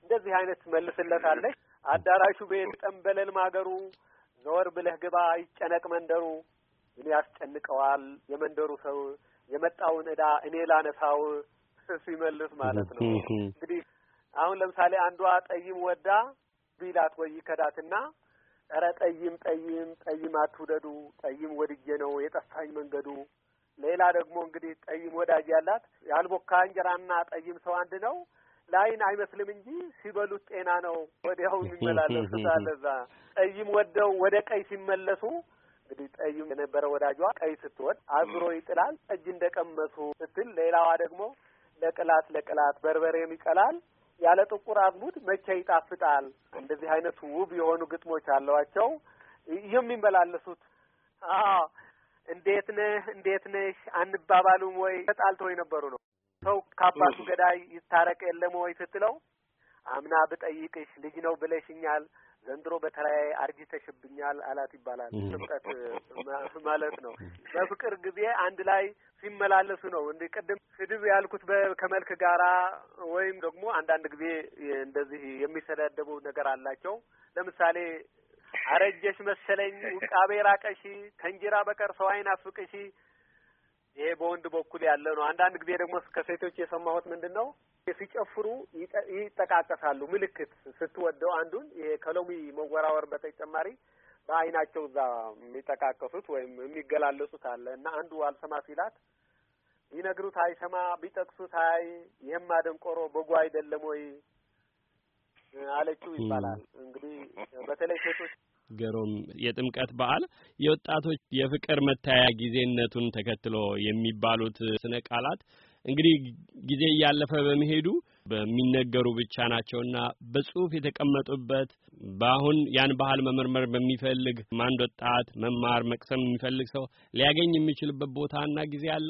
እንደዚህ አይነት መልስለታለች። አዳራሹ ቤት ጠንበለል ማገሩ፣ ዘወር ብለህ ግባ ይጨነቅ መንደሩ። ምን ያስጨንቀዋል የመንደሩ ሰው የመጣውን እዳ እኔ ላነሳው ሲመልስ ማለት ነው። እንግዲህ አሁን ለምሳሌ አንዷ ጠይም ወዳ ቢላት ወይ ከዳትና ኧረ ጠይም ጠይም ጠይም አትውደዱ ጠይም ወድጄ ነው የጠፋኝ መንገዱ። ሌላ ደግሞ እንግዲህ ጠይም ወዳጅ ያላት ያልቦካ እንጀራና ጠይም ሰው አንድ ነው ላይን አይመስልም እንጂ ሲበሉት ጤና ነው። ወዲያው የሚመላለሱ እዛ ጠይም ወደው ወደ ቀይ ሲመለሱ እንግዲህ ጠይም የነበረ ወዳጇ ቀይ ስትወድ አዝሮ ይጥላል። ጠጅ እንደቀመሱ ስትል ሌላዋ ደግሞ ለቅላት ለቅላት በርበሬም ይቀላል ያለ ጥቁር አዝሙድ መቼ ይጣፍጣል። እንደዚህ አይነት ውብ የሆኑ ግጥሞች አለዋቸው የሚመላለሱት እንዴት ነህ እንዴት ነሽ አንባባሉም ወይ ተጣልተው የነበሩ ነው። ሰው ከአባቱ ገዳይ ይታረቅ የለም ወይ ስትለው አምና ብጠይቅሽ ልጅ ነው ብለሽኛል፣ ዘንድሮ በተለያየ አርጅተሽብኛል አላት ይባላል። ጥምቀት ማለት ነው። በፍቅር ጊዜ አንድ ላይ ሲመላለሱ ነው። እንዲህ ቅድም ስድብ ያልኩት ከመልክ ጋራ ወይም ደግሞ አንዳንድ ጊዜ እንደዚህ የሚሰዳደቡ ነገር አላቸው። ለምሳሌ አረጀሽ መሰለኝ፣ ውቃቤ ራቀሽ፣ ከእንጀራ በቀር ሰው አይናፍቅሽ፣ ይሄ በወንድ በኩል ያለ ነው። አንዳንድ ጊዜ ደግሞ ከሴቶች የሰማሁት ምንድን ነው ሲጨፍሩ ይጠቃቀሳሉ። ምልክት ስትወደው አንዱን ይሄ ከሎሚ መወራወር በተጨማሪ በአይናቸው እዛ የሚጠቃቀሱት ወይም የሚገላለጹት አለ እና አንዱ አልሰማ ሲላት ይነግሩት አይሰማ፣ ቢጠቅሱት አይ ይህማ ደንቆሮ በጎ አይደለም ወይ አለችው ይባላል። እንግዲህ በተለይ ሴቶች ገሮም የጥምቀት በዓል የወጣቶች የፍቅር መታያ ጊዜነቱን ተከትሎ የሚባሉት ስነ ቃላት እንግዲህ ጊዜ እያለፈ በመሄዱ በሚነገሩ ብቻ ናቸውና በጽሁፍ የተቀመጡበት በአሁን ያን ባህል መመርመር በሚፈልግ ማንድ ወጣት መማር መቅሰም የሚፈልግ ሰው ሊያገኝ የሚችልበት ቦታና ጊዜ አለ?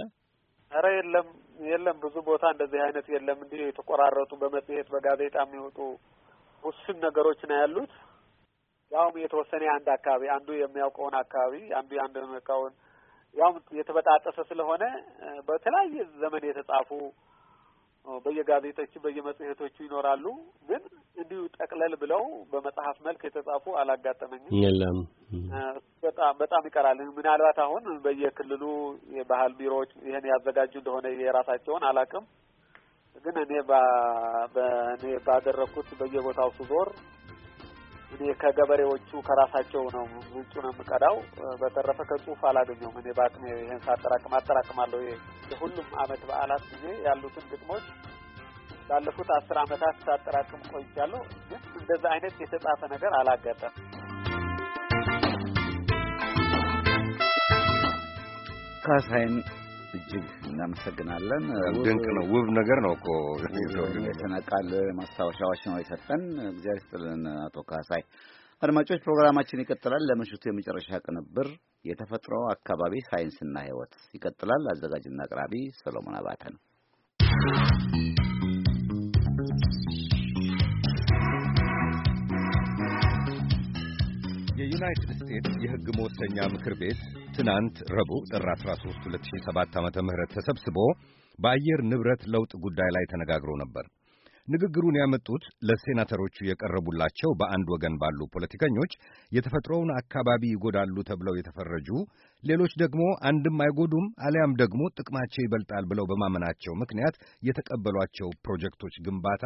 ኧረ የለም የለም፣ ብዙ ቦታ እንደዚህ አይነት የለም። እንዲህ የተቆራረጡ በመጽሔት በጋዜጣ የሚወጡ ውስን ነገሮች ነው ያሉት። ያውም የተወሰነ አንድ አካባቢ አንዱ የሚያውቀውን አካባቢ አንዱ የአንዱ የሚያውቀውን ያውም የተበጣጠሰ ስለሆነ በተለያየ ዘመን የተጻፉ በየጋዜጦቹ በየመጽሔቶቹ ይኖራሉ። ግን እንዲሁ ጠቅለል ብለው በመጽሐፍ መልክ የተጻፉ አላጋጠመኝም። የለም፣ በጣም በጣም ይቀራል። ምናልባት አሁን በየክልሉ የባህል ቢሮዎች ይህን ያዘጋጁ እንደሆነ የራሳቸውን አላቅም። ግን እኔ በእኔ ባደረግኩት በየቦታው ስዞር እኔ ከገበሬዎቹ ከራሳቸው ነው ምንጩ ነው የምቀዳው። በተረፈ ከጽሁፍ አላገኘውም። እኔ በአቅሜ ይህን ሳጠራቅም አጠራቅማለሁ። የሁሉም አመት በዓላት ጊዜ ያሉትን ግጥሞች ላለፉት አስር አመታት ሳጠራቅም ቆይቻለሁ። ግን እንደዛ አይነት የተጻፈ ነገር አላጋጠም። ካሳይን እጅግ እናመሰግናለን። ድንቅ ነው፣ ውብ ነገር ነው እኮ የተነ ቃል ማስታወሻዎች ነው የሰጠን። እግዚአብሔር ይስጥልን አቶ ካሳይ። አድማጮች ፕሮግራማችን ይቀጥላል። ለምሽቱ የመጨረሻ ቅንብር የተፈጥሮ አካባቢ ሳይንስና ሕይወት ይቀጥላል። አዘጋጅና አቅራቢ ሰሎሞን አባተ ነው። የዩናይትድ ስቴትስ የሕግ መወሰኛ ምክር ቤት ትናንት ረቡዕ ጥር 13 2007 ዓ ም ተሰብስቦ በአየር ንብረት ለውጥ ጉዳይ ላይ ተነጋግሮ ነበር። ንግግሩን ያመጡት ለሴናተሮቹ የቀረቡላቸው በአንድ ወገን ባሉ ፖለቲከኞች የተፈጥሮውን አካባቢ ይጎዳሉ ተብለው የተፈረጁ ሌሎች ደግሞ አንድም አይጎዱም አሊያም ደግሞ ጥቅማቸው ይበልጣል ብለው በማመናቸው ምክንያት የተቀበሏቸው ፕሮጀክቶች ግንባታ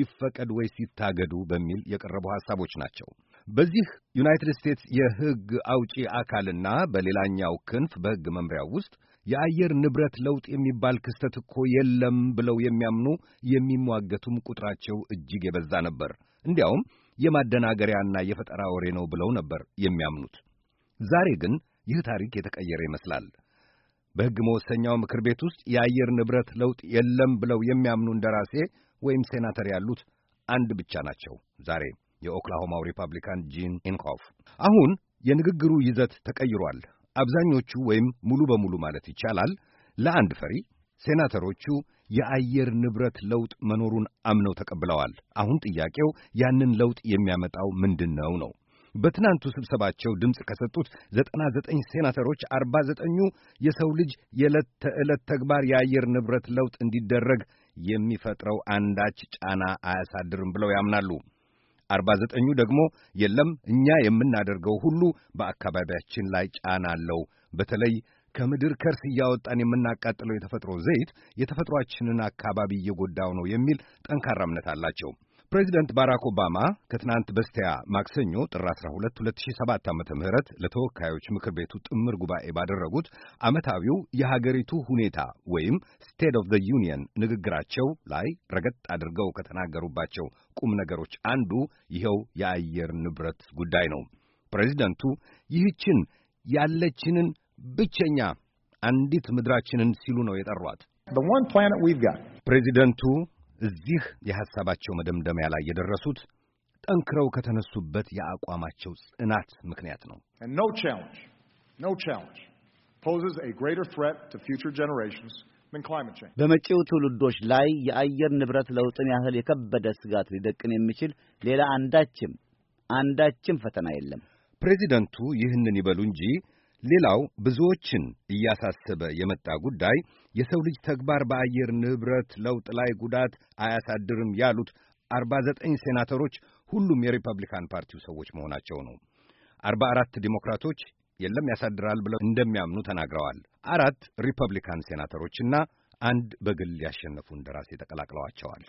ይፈቀድ ወይስ ይታገዱ በሚል የቀረቡ ሐሳቦች ናቸው። በዚህ ዩናይትድ ስቴትስ የሕግ አውጪ አካልና በሌላኛው ክንፍ በሕግ መምሪያው ውስጥ የአየር ንብረት ለውጥ የሚባል ክስተት እኮ የለም ብለው የሚያምኑ የሚሟገቱም ቁጥራቸው እጅግ የበዛ ነበር። እንዲያውም የማደናገሪያና የፈጠራ ወሬ ነው ብለው ነበር የሚያምኑት። ዛሬ ግን ይህ ታሪክ የተቀየረ ይመስላል። በሕግ መወሰኛው ምክር ቤት ውስጥ የአየር ንብረት ለውጥ የለም ብለው የሚያምኑ እንደራሴ ወይም ሴናተር ያሉት አንድ ብቻ ናቸው ዛሬ የኦክላሆማው ሪፐብሊካን ጂን ኢንኮፍ። አሁን የንግግሩ ይዘት ተቀይሯል። አብዛኞቹ ወይም ሙሉ በሙሉ ማለት ይቻላል ለአንድ ፈሪ ሴናተሮቹ የአየር ንብረት ለውጥ መኖሩን አምነው ተቀብለዋል። አሁን ጥያቄው ያንን ለውጥ የሚያመጣው ምንድን ነው ነው። በትናንቱ ስብሰባቸው ድምፅ ከሰጡት ዘጠና ዘጠኝ ሴናተሮች አርባ ዘጠኙ የሰው ልጅ የዕለት ተዕለት ተግባር የአየር ንብረት ለውጥ እንዲደረግ የሚፈጥረው አንዳች ጫና አያሳድርም ብለው ያምናሉ። አርባ ዘጠኙ ደግሞ የለም እኛ የምናደርገው ሁሉ በአካባቢያችን ላይ ጫና አለው፣ በተለይ ከምድር ከርስ እያወጣን የምናቃጥለው የተፈጥሮ ዘይት የተፈጥሯችንን አካባቢ እየጎዳው ነው የሚል ጠንካራ እምነት አላቸው። ፕሬዚደንት ባራክ ኦባማ ከትናንት በስቲያ ማክሰኞ ጥር 12 2007 ዓ ም ለተወካዮች ምክር ቤቱ ጥምር ጉባኤ ባደረጉት ዓመታዊው የሀገሪቱ ሁኔታ ወይም ስቴት ኦፍ ዘ ዩኒየን ንግግራቸው ላይ ረገጥ አድርገው ከተናገሩባቸው ቁም ነገሮች አንዱ ይኸው የአየር ንብረት ጉዳይ ነው። ፕሬዚደንቱ ይህችን ያለችንን ብቸኛ አንዲት ምድራችንን ሲሉ ነው የጠሯት። ፕሬዚደንቱ እዚህ የሐሳባቸው መደምደሚያ ላይ የደረሱት ጠንክረው ከተነሱበት የአቋማቸው ጽናት ምክንያት ነው። በመጪው ትውልዶች ላይ የአየር ንብረት ለውጥን ያህል የከበደ ስጋት ሊደቅን የሚችል ሌላ አንዳችም አንዳችም ፈተና የለም። ፕሬዚደንቱ ይህንን ይበሉ እንጂ ሌላው ብዙዎችን እያሳሰበ የመጣ ጉዳይ የሰው ልጅ ተግባር በአየር ንብረት ለውጥ ላይ ጉዳት አያሳድርም ያሉት ዘጠኝ ሴናተሮች ሁሉም የሪፐብሊካን ፓርቲው ሰዎች መሆናቸው ነው። አራት ዲሞክራቶች የለም ያሳድራል ብለው እንደሚያምኑ ተናግረዋል። አራት ሪፐብሊካን ሴናተሮችና አንድ በግል ያሸነፉ እንደራሴ ተቀላቅለዋቸዋል።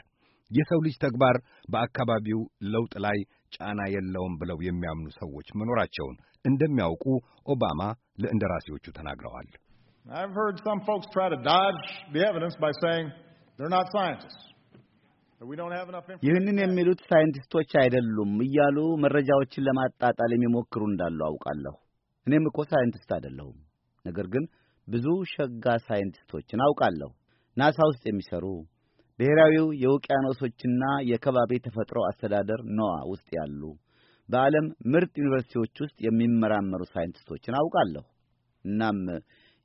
የሰው ልጅ ተግባር በአካባቢው ለውጥ ላይ ጫና የለውም ብለው የሚያምኑ ሰዎች መኖራቸውን እንደሚያውቁ ኦባማ ለእንደራሴዎቹ ተናግረዋል። ይህንን የሚሉት ሳይንቲስቶች አይደሉም እያሉ መረጃዎችን ለማጣጣል የሚሞክሩ እንዳሉ አውቃለሁ። እኔም እኮ ሳይንቲስት አይደለሁም። ነገር ግን ብዙ ሸጋ ሳይንቲስቶችን አውቃለሁ። ናሳ ውስጥ የሚሰሩ ብሔራዊው የውቅያኖሶችና የከባቢ ተፈጥሮ አስተዳደር ኖዋ ውስጥ ያሉ በዓለም ምርጥ ዩኒቨርሲቲዎች ውስጥ የሚመራመሩ ሳይንቲስቶችን አውቃለሁ። እናም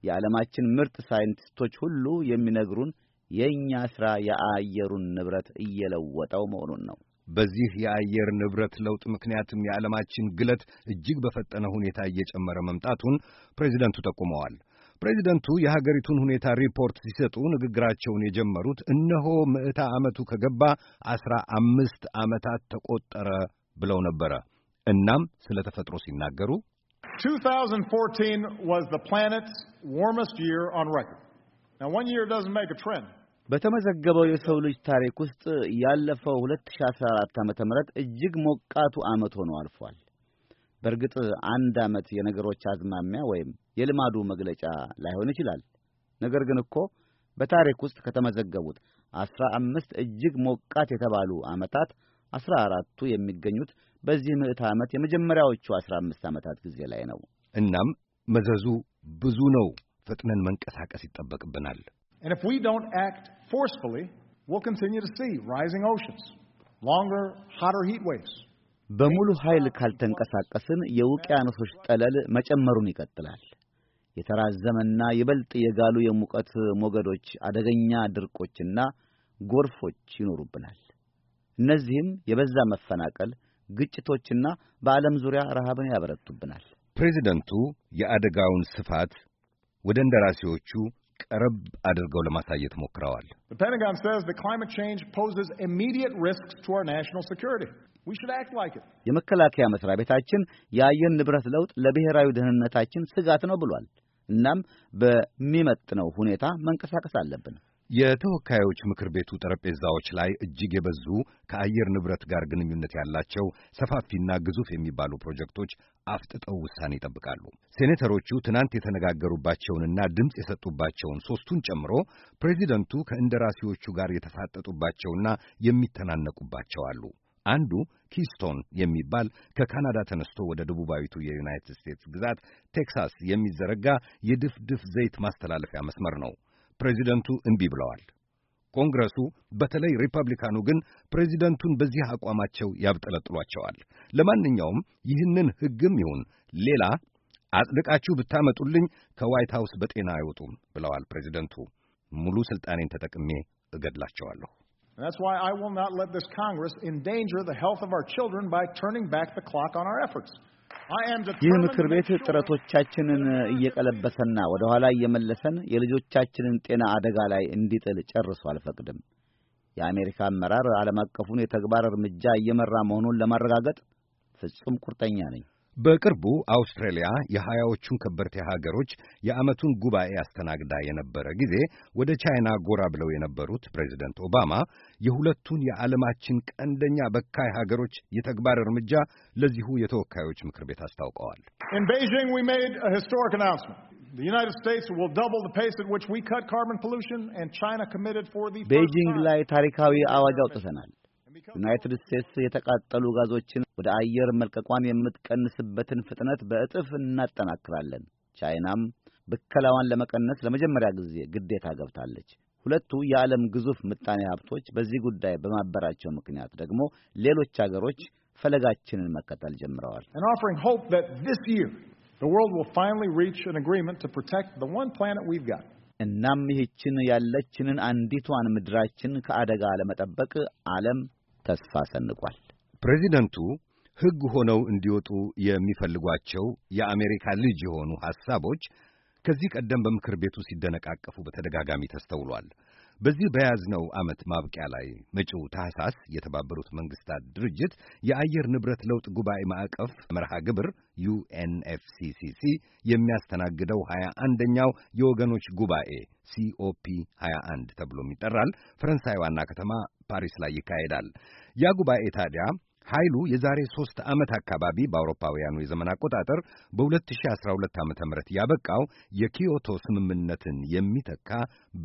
የዓለማችን ምርጥ ሳይንቲስቶች ሁሉ የሚነግሩን የእኛ ሥራ የአየሩን ንብረት እየለወጠው መሆኑን ነው። በዚህ የአየር ንብረት ለውጥ ምክንያትም የዓለማችን ግለት እጅግ በፈጠነ ሁኔታ እየጨመረ መምጣቱን ፕሬዚደንቱ ጠቁመዋል። ፕሬዚደንቱ የሀገሪቱን ሁኔታ ሪፖርት ሲሰጡ ንግግራቸውን የጀመሩት እነሆ ምዕተ ዓመቱ ከገባ አስራ አምስት ዓመታት ተቆጠረ ብለው ነበረ። እናም ስለ ተፈጥሮ ሲናገሩ 2014 was the planet's warmest year on record. Now one year doesn't make a trend. በተመዘገበው የሰው ልጅ ታሪክ ውስጥ ያለፈው 2014 ዓመተ ምህረት እጅግ ሞቃቱ ዓመት ሆኖ አልፏል። በእርግጥ አንድ ዓመት የነገሮች አዝማሚያ ወይም የልማዱ መግለጫ ላይሆን ይችላል። ነገር ግን እኮ በታሪክ ውስጥ ከተመዘገቡት አስራ አምስት እጅግ ሞቃት የተባሉ ዓመታት አስራ አራቱ የሚገኙት በዚህ ምዕተ ዓመት የመጀመሪያዎቹ አስራ አምስት ዓመታት ጊዜ ላይ ነው። እናም መዘዙ ብዙ ነው። ፈጥነን መንቀሳቀስ ይጠበቅብናል። በሙሉ ኃይል ካልተንቀሳቀስን የውቅያኖሶች ጠለል መጨመሩን ይቀጥላል። የተራዘመና ይበልጥ የጋሉ የሙቀት ሞገዶች፣ አደገኛ ድርቆችና ጎርፎች ይኖሩብናል። እነዚህም የበዛ መፈናቀል፣ ግጭቶችና በዓለም ዙሪያ ረሃብን ያበረቱብናል። ፕሬዚደንቱ የአደጋውን ስፋት ወደ እንደራሴዎቹ ቀረብ አድርገው ለማሳየት ሞክረዋል። የመከላከያ መስሪያ ቤታችን የአየር ንብረት ለውጥ ለብሔራዊ ደህንነታችን ስጋት ነው ብሏል። እናም በሚመጥነው ሁኔታ መንቀሳቀስ አለብን። የተወካዮች ምክር ቤቱ ጠረጴዛዎች ላይ እጅግ የበዙ ከአየር ንብረት ጋር ግንኙነት ያላቸው ሰፋፊና ግዙፍ የሚባሉ ፕሮጀክቶች አፍጥጠው ውሳኔ ይጠብቃሉ። ሴኔተሮቹ ትናንት የተነጋገሩባቸውንና ድምፅ የሰጡባቸውን ሦስቱን ጨምሮ ፕሬዚደንቱ ከእንደራሲዎቹ ጋር የተፋጠጡባቸውና የሚተናነቁባቸው አሉ። አንዱ ኪስቶን የሚባል ከካናዳ ተነስቶ ወደ ደቡባዊቱ የዩናይትድ ስቴትስ ግዛት ቴክሳስ የሚዘረጋ የድፍድፍ ዘይት ማስተላለፊያ መስመር ነው። ፕሬዚደንቱ እምቢ ብለዋል። ኮንግረሱ በተለይ ሪፐብሊካኑ ግን ፕሬዚደንቱን በዚህ አቋማቸው ያብጠለጥሏቸዋል። ለማንኛውም ይህንን ሕግም ይሁን ሌላ አጽድቃችሁ ብታመጡልኝ ከዋይት ሃውስ በጤና አይወጡም ብለዋል ፕሬዚደንቱ። ሙሉ ሥልጣኔን ተጠቅሜ እገድላቸዋለሁ። And that's why I will not let this Congress endanger the health of our children by turning back the clock on our efforts. ይህ ምክር ቤት ጥረቶቻችንን እየቀለበሰና ወደ ኋላ እየመለሰን የልጆቻችንን ጤና አደጋ ላይ እንዲጥል ጨርሶ አልፈቅድም። የአሜሪካ አመራር ዓለም አቀፉን የተግባር እርምጃ እየመራ መሆኑን ለማረጋገጥ ፍጹም ቁርጠኛ ነኝ። በቅርቡ አውስትራሊያ የሀያዎቹን ከበርቴ ሀገሮች የዓመቱን ጉባኤ አስተናግዳ የነበረ ጊዜ ወደ ቻይና ጎራ ብለው የነበሩት ፕሬዚደንት ኦባማ የሁለቱን የዓለማችን ቀንደኛ በካይ ሀገሮች የተግባር እርምጃ ለዚሁ የተወካዮች ምክር ቤት አስታውቀዋል። ቤጂንግ ላይ ታሪካዊ አዋጅ አውጥተናል። ዩናይትድ ስቴትስ የተቃጠሉ ጋዞችን ወደ አየር መልቀቋን የምትቀንስበትን ፍጥነት በእጥፍ እናጠናክራለን። ቻይናም ብከላዋን ለመቀነስ ለመጀመሪያ ጊዜ ግዴታ ገብታለች። ሁለቱ የዓለም ግዙፍ ምጣኔ ሀብቶች በዚህ ጉዳይ በማበራቸው ምክንያት ደግሞ ሌሎች አገሮች ፈለጋችንን መከተል ጀምረዋል። እናም ይህችን ያለችንን አንዲቷን ምድራችን ከአደጋ ለመጠበቅ ዓለም ተስፋ ሰንቋል። ፕሬዚደንቱ ሕግ ሆነው እንዲወጡ የሚፈልጓቸው የአሜሪካ ልጅ የሆኑ ሐሳቦች ከዚህ ቀደም በምክር ቤቱ ሲደነቃቀፉ በተደጋጋሚ ተስተውሏል። በዚህ በያዝነው ዓመት ማብቂያ ላይ መጪው ታህሳስ የተባበሩት መንግስታት ድርጅት የአየር ንብረት ለውጥ ጉባኤ ማዕቀፍ መርሃ ግብር ዩኤንኤፍሲሲሲ የሚያስተናግደው ሀያ አንደኛው የወገኖች ጉባኤ ሲኦፒ 21 ተብሎም ይጠራል። ፈረንሳይ ዋና ከተማ ፓሪስ ላይ ይካሄዳል። ያ ጉባኤ ታዲያ ኃይሉ የዛሬ ሦስት ዓመት አካባቢ በአውሮፓውያኑ የዘመን አቆጣጠር በ2012 ዓ ም ያበቃው የኪዮቶ ስምምነትን የሚተካ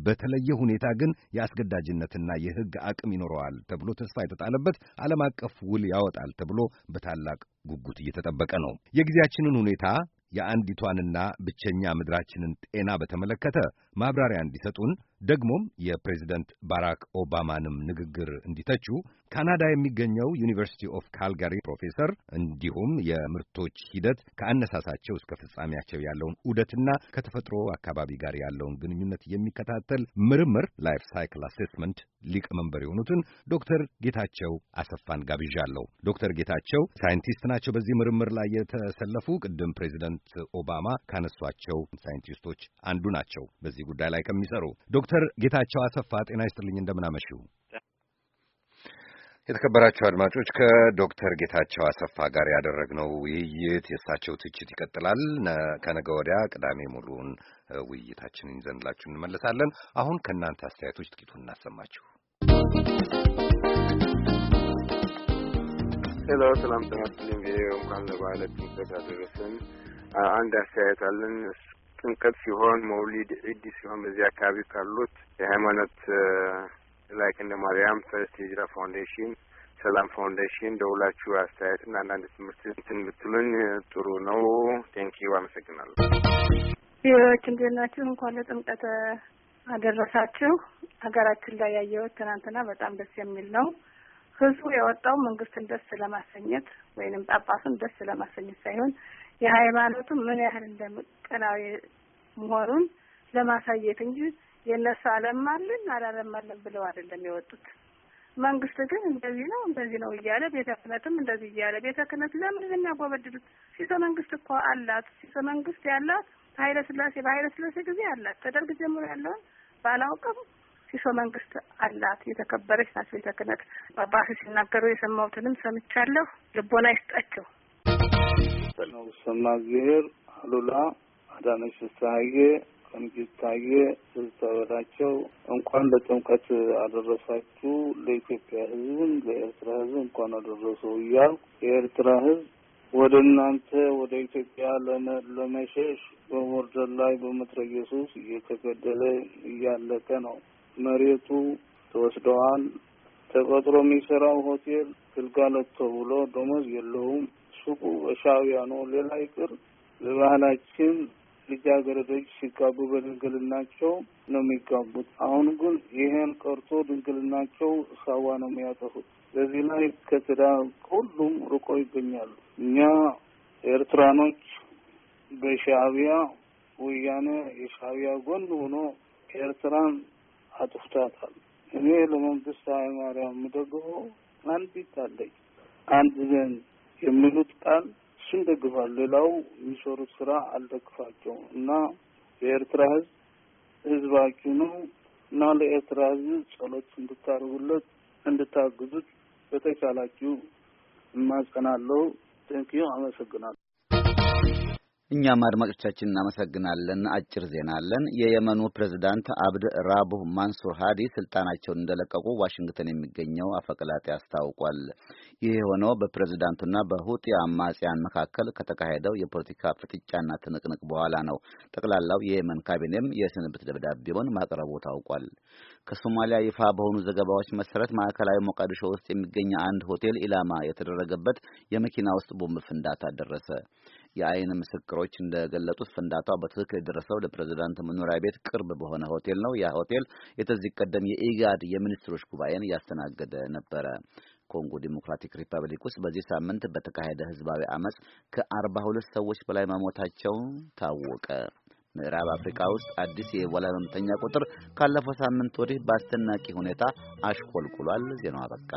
በተለየ ሁኔታ ግን የአስገዳጅነትና የሕግ አቅም ይኖረዋል ተብሎ ተስፋ የተጣለበት ዓለም አቀፍ ውል ያወጣል ተብሎ በታላቅ ጉጉት እየተጠበቀ ነው። የጊዜያችንን ሁኔታ የአንዲቷንና ብቸኛ ምድራችንን ጤና በተመለከተ ማብራሪያ እንዲሰጡን ደግሞም የፕሬዚደንት ባራክ ኦባማንም ንግግር እንዲተቹ ካናዳ የሚገኘው ዩኒቨርሲቲ ኦፍ ካልጋሪ ፕሮፌሰር እንዲሁም የምርቶች ሂደት ከአነሳሳቸው እስከ ፍጻሜያቸው ያለውን ዑደትና ከተፈጥሮ አካባቢ ጋር ያለውን ግንኙነት የሚከታተል ምርምር ላይፍ ሳይክል አሴስመንት ሊቀመንበር የሆኑትን ዶክተር ጌታቸው አሰፋን ጋብዣለሁ። ዶክተር ጌታቸው ሳይንቲስት ናቸው። በዚህ ምርምር ላይ የተሰለፉ ቅድም ፕሬዚደንት ኦባማ ካነሷቸው ሳይንቲስቶች አንዱ ናቸው። በዚህ ጉዳይ ላይ ከሚሰሩ ዶክተር ጌታቸው አሰፋ ጤና ይስጥልኝ፣ እንደምናመሹ የተከበራቸው አድማጮች ከዶክተር ጌታቸው አሰፋ ጋር ያደረግነው ውይይት የእሳቸው ትችት ይቀጥላል። ከነገ ወዲያ ቅዳሜ ሙሉውን ውይይታችንን ይዘንላችሁ እንመለሳለን። አሁን ከእናንተ አስተያየቶች ጥቂቱን እናሰማችሁ። ሄሎ፣ ሰላም ተናስልኝ። እንኳን ለበዓለ ጥምቀት አደረሰን። አንድ አስተያየት አለን። ጥምቀት ሲሆን፣ መውሊድ ዒድ ሲሆን በዚህ አካባቢ ካሉት የሃይማኖት ላይክ እንደ ማርያም ፈርስት ሂጅራ ፋውንዴሽን ሰላም ፋውንዴሽን ደውላችሁ አስተያየትና አንዳንድ ትምህርት እንትን ብትሉኝ ጥሩ ነው። ቴንኪዩ አመሰግናለሁ። ቪዎች እንዴት ናችሁ? እንኳን ለጥምቀት አደረሳችሁ። ሀገራችን ላይ ያየሁት ትናንትና በጣም ደስ የሚል ነው። ህዝቡ የወጣው መንግስትን ደስ ለማሰኘት ወይንም ጳጳሱን ደስ ለማሰኘት ሳይሆን የሃይማኖቱ ምን ያህል እንደምቀናዊ መሆኑን ለማሳየት እንጂ የእነሱ አለማልን አላለማለን ብለው አይደለም የወጡት። መንግስት ግን እንደዚህ ነው እንደዚህ ነው እያለ ቤተ ክህነትም እንደዚህ እያለ ቤተ ክህነት ለምን የሚያጎበድዱት? ሲሶ መንግስት እኮ አላት። ሲሶ መንግስት ያላት ኃይለ ስላሴ በኃይለ ስላሴ ጊዜ አላት። ተደርግ ጀምሮ ያለውን ባላውቅም ሲሶ መንግስት አላት። የተከበረች ናት ቤተ ክህነት። አባቶች ሲናገሩ የሰማሁትንም ሰምቻለሁ። ልቦና ይስጣቸው። ሰማ ሰማእግዚአብሔር አሉላ፣ አዳነች ፍስሀዬ፣ ቆንጂት ታዬ፣ ትዝታ እንኳን ለጥምቀት አደረሳችሁ። ለኢትዮጵያ ሕዝብም ለኤርትራ ሕዝብ እንኳን አደረሰው እያልኩ የኤርትራ ሕዝብ ወደ እናንተ ወደ ኢትዮጵያ ለመሸሽ በሞርደር ላይ በመትረ ኢየሱስ እየተገደለ እያለቀ ነው። መሬቱ ተወስደዋል። ተቀጥሮ የሚሰራው ሆቴል ግልጋሎት ተብሎ ደሞዝ የለውም። ሱቁ ነው! ሌላ ይቅር በባህላችን ልጃገረዶች ሲጋቡ በድንግልናቸው ነው የሚጋቡት። አሁን ግን ይሄን ቀርቶ ድንግልናቸው ሳዋ ነው የሚያጠፉት። በዚህ ላይ ከትዳር ሁሉም ርቆ ይገኛሉ። እኛ ኤርትራኖች በሻቢያ ወያኔ የሻቢያ ጎን ሆኖ ኤርትራን አጥፍታታል። እኔ ለመንግስት ኃይለማርያም የምደግፈው አንዲት አለኝ አንድ ዘንድ የሚሉት ቃል እሱን ደግፋል። ሌላው የሚሰሩት ስራ አልደግፋቸውም እና የኤርትራ ህዝብ ህዝባችሁ ነው እና ለኤርትራ ህዝብ ጸሎት እንድታደርጉለት እንድታግዙት በተቻላችሁ እማጸናለሁ። ቴንኪዩ። አመሰግናለሁ። እኛም አድማጮቻችን እናመሰግናለን። አጭር ዜና አለን። የየመኑ ፕሬዝዳንት አብድ ራቡህ ማንሱር ሃዲ ስልጣናቸውን እንደለቀቁ ዋሽንግተን የሚገኘው አፈቀላጤ አስታውቋል። ይህ የሆነው በፕሬዝዳንቱና በሁጢ አማጽያን መካከል ከተካሄደው የፖለቲካ ፍጥጫና ትንቅንቅ በኋላ ነው። ጠቅላላው የየመን ካቢኔም የስንብት ደብዳቤውን ማቅረቡ ታውቋል። ከሶማሊያ ይፋ በሆኑ ዘገባዎች መሰረት ማዕከላዊ ሞቃዲሾ ውስጥ የሚገኝ አንድ ሆቴል ኢላማ የተደረገበት የመኪና ውስጥ ቦምብ ፍንዳታ ደረሰ። የአይን ምስክሮች እንደገለጡት ፍንዳታው በትክክል የደረሰው ለፕሬዝዳንት መኖሪያ ቤት ቅርብ በሆነ ሆቴል ነው። ያ ሆቴል የተዚህ ቀደም የኢጋድ የሚኒስትሮች ጉባኤን ያስተናገደ ነበረ። ኮንጎ ዲሞክራቲክ ሪፐብሊክ ውስጥ በዚህ ሳምንት በተካሄደ ህዝባዊ አመፅ ከአርባ ሁለት ሰዎች በላይ መሞታቸው ታወቀ። ምዕራብ አፍሪካ ውስጥ አዲስ የኢቦላ ህመምተኛ ቁጥር ካለፈው ሳምንት ወዲህ በአስደናቂ ሁኔታ አሽቆልቁሏል። ዜናው አበቃ።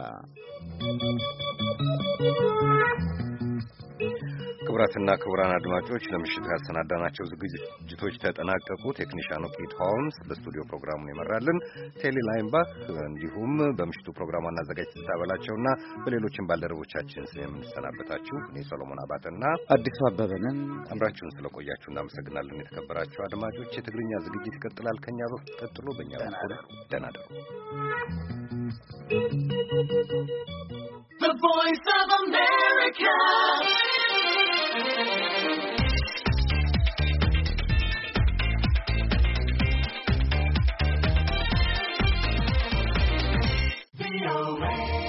ክቡራትና ክቡራን አድማጮች ለምሽቱ ያሰናዳናቸው ዝግጅቶች ተጠናቀቁ። ቴክኒሻኑ ኬት ሆምስ በስቱዲዮ ፕሮግራሙን ይመራልን፣ ቴሌ ላይምባክ እንዲሁም በምሽቱ ፕሮግራም አዘጋጅ ትታበላቸውና በሌሎችን ባልደረቦቻችን ስም የምንሰናበታችሁ እኔ ሰሎሞን አባተና አዲሱ አበበንን አምራችሁን ስለቆያችሁ እናመሰግናለን። የተከበራችሁ አድማጮች የትግርኛ ዝግጅት ይቀጥላል። ከእኛ በፊት ቀጥሎ በእኛ በኩል ደህና ደሩ። The voice of America. away.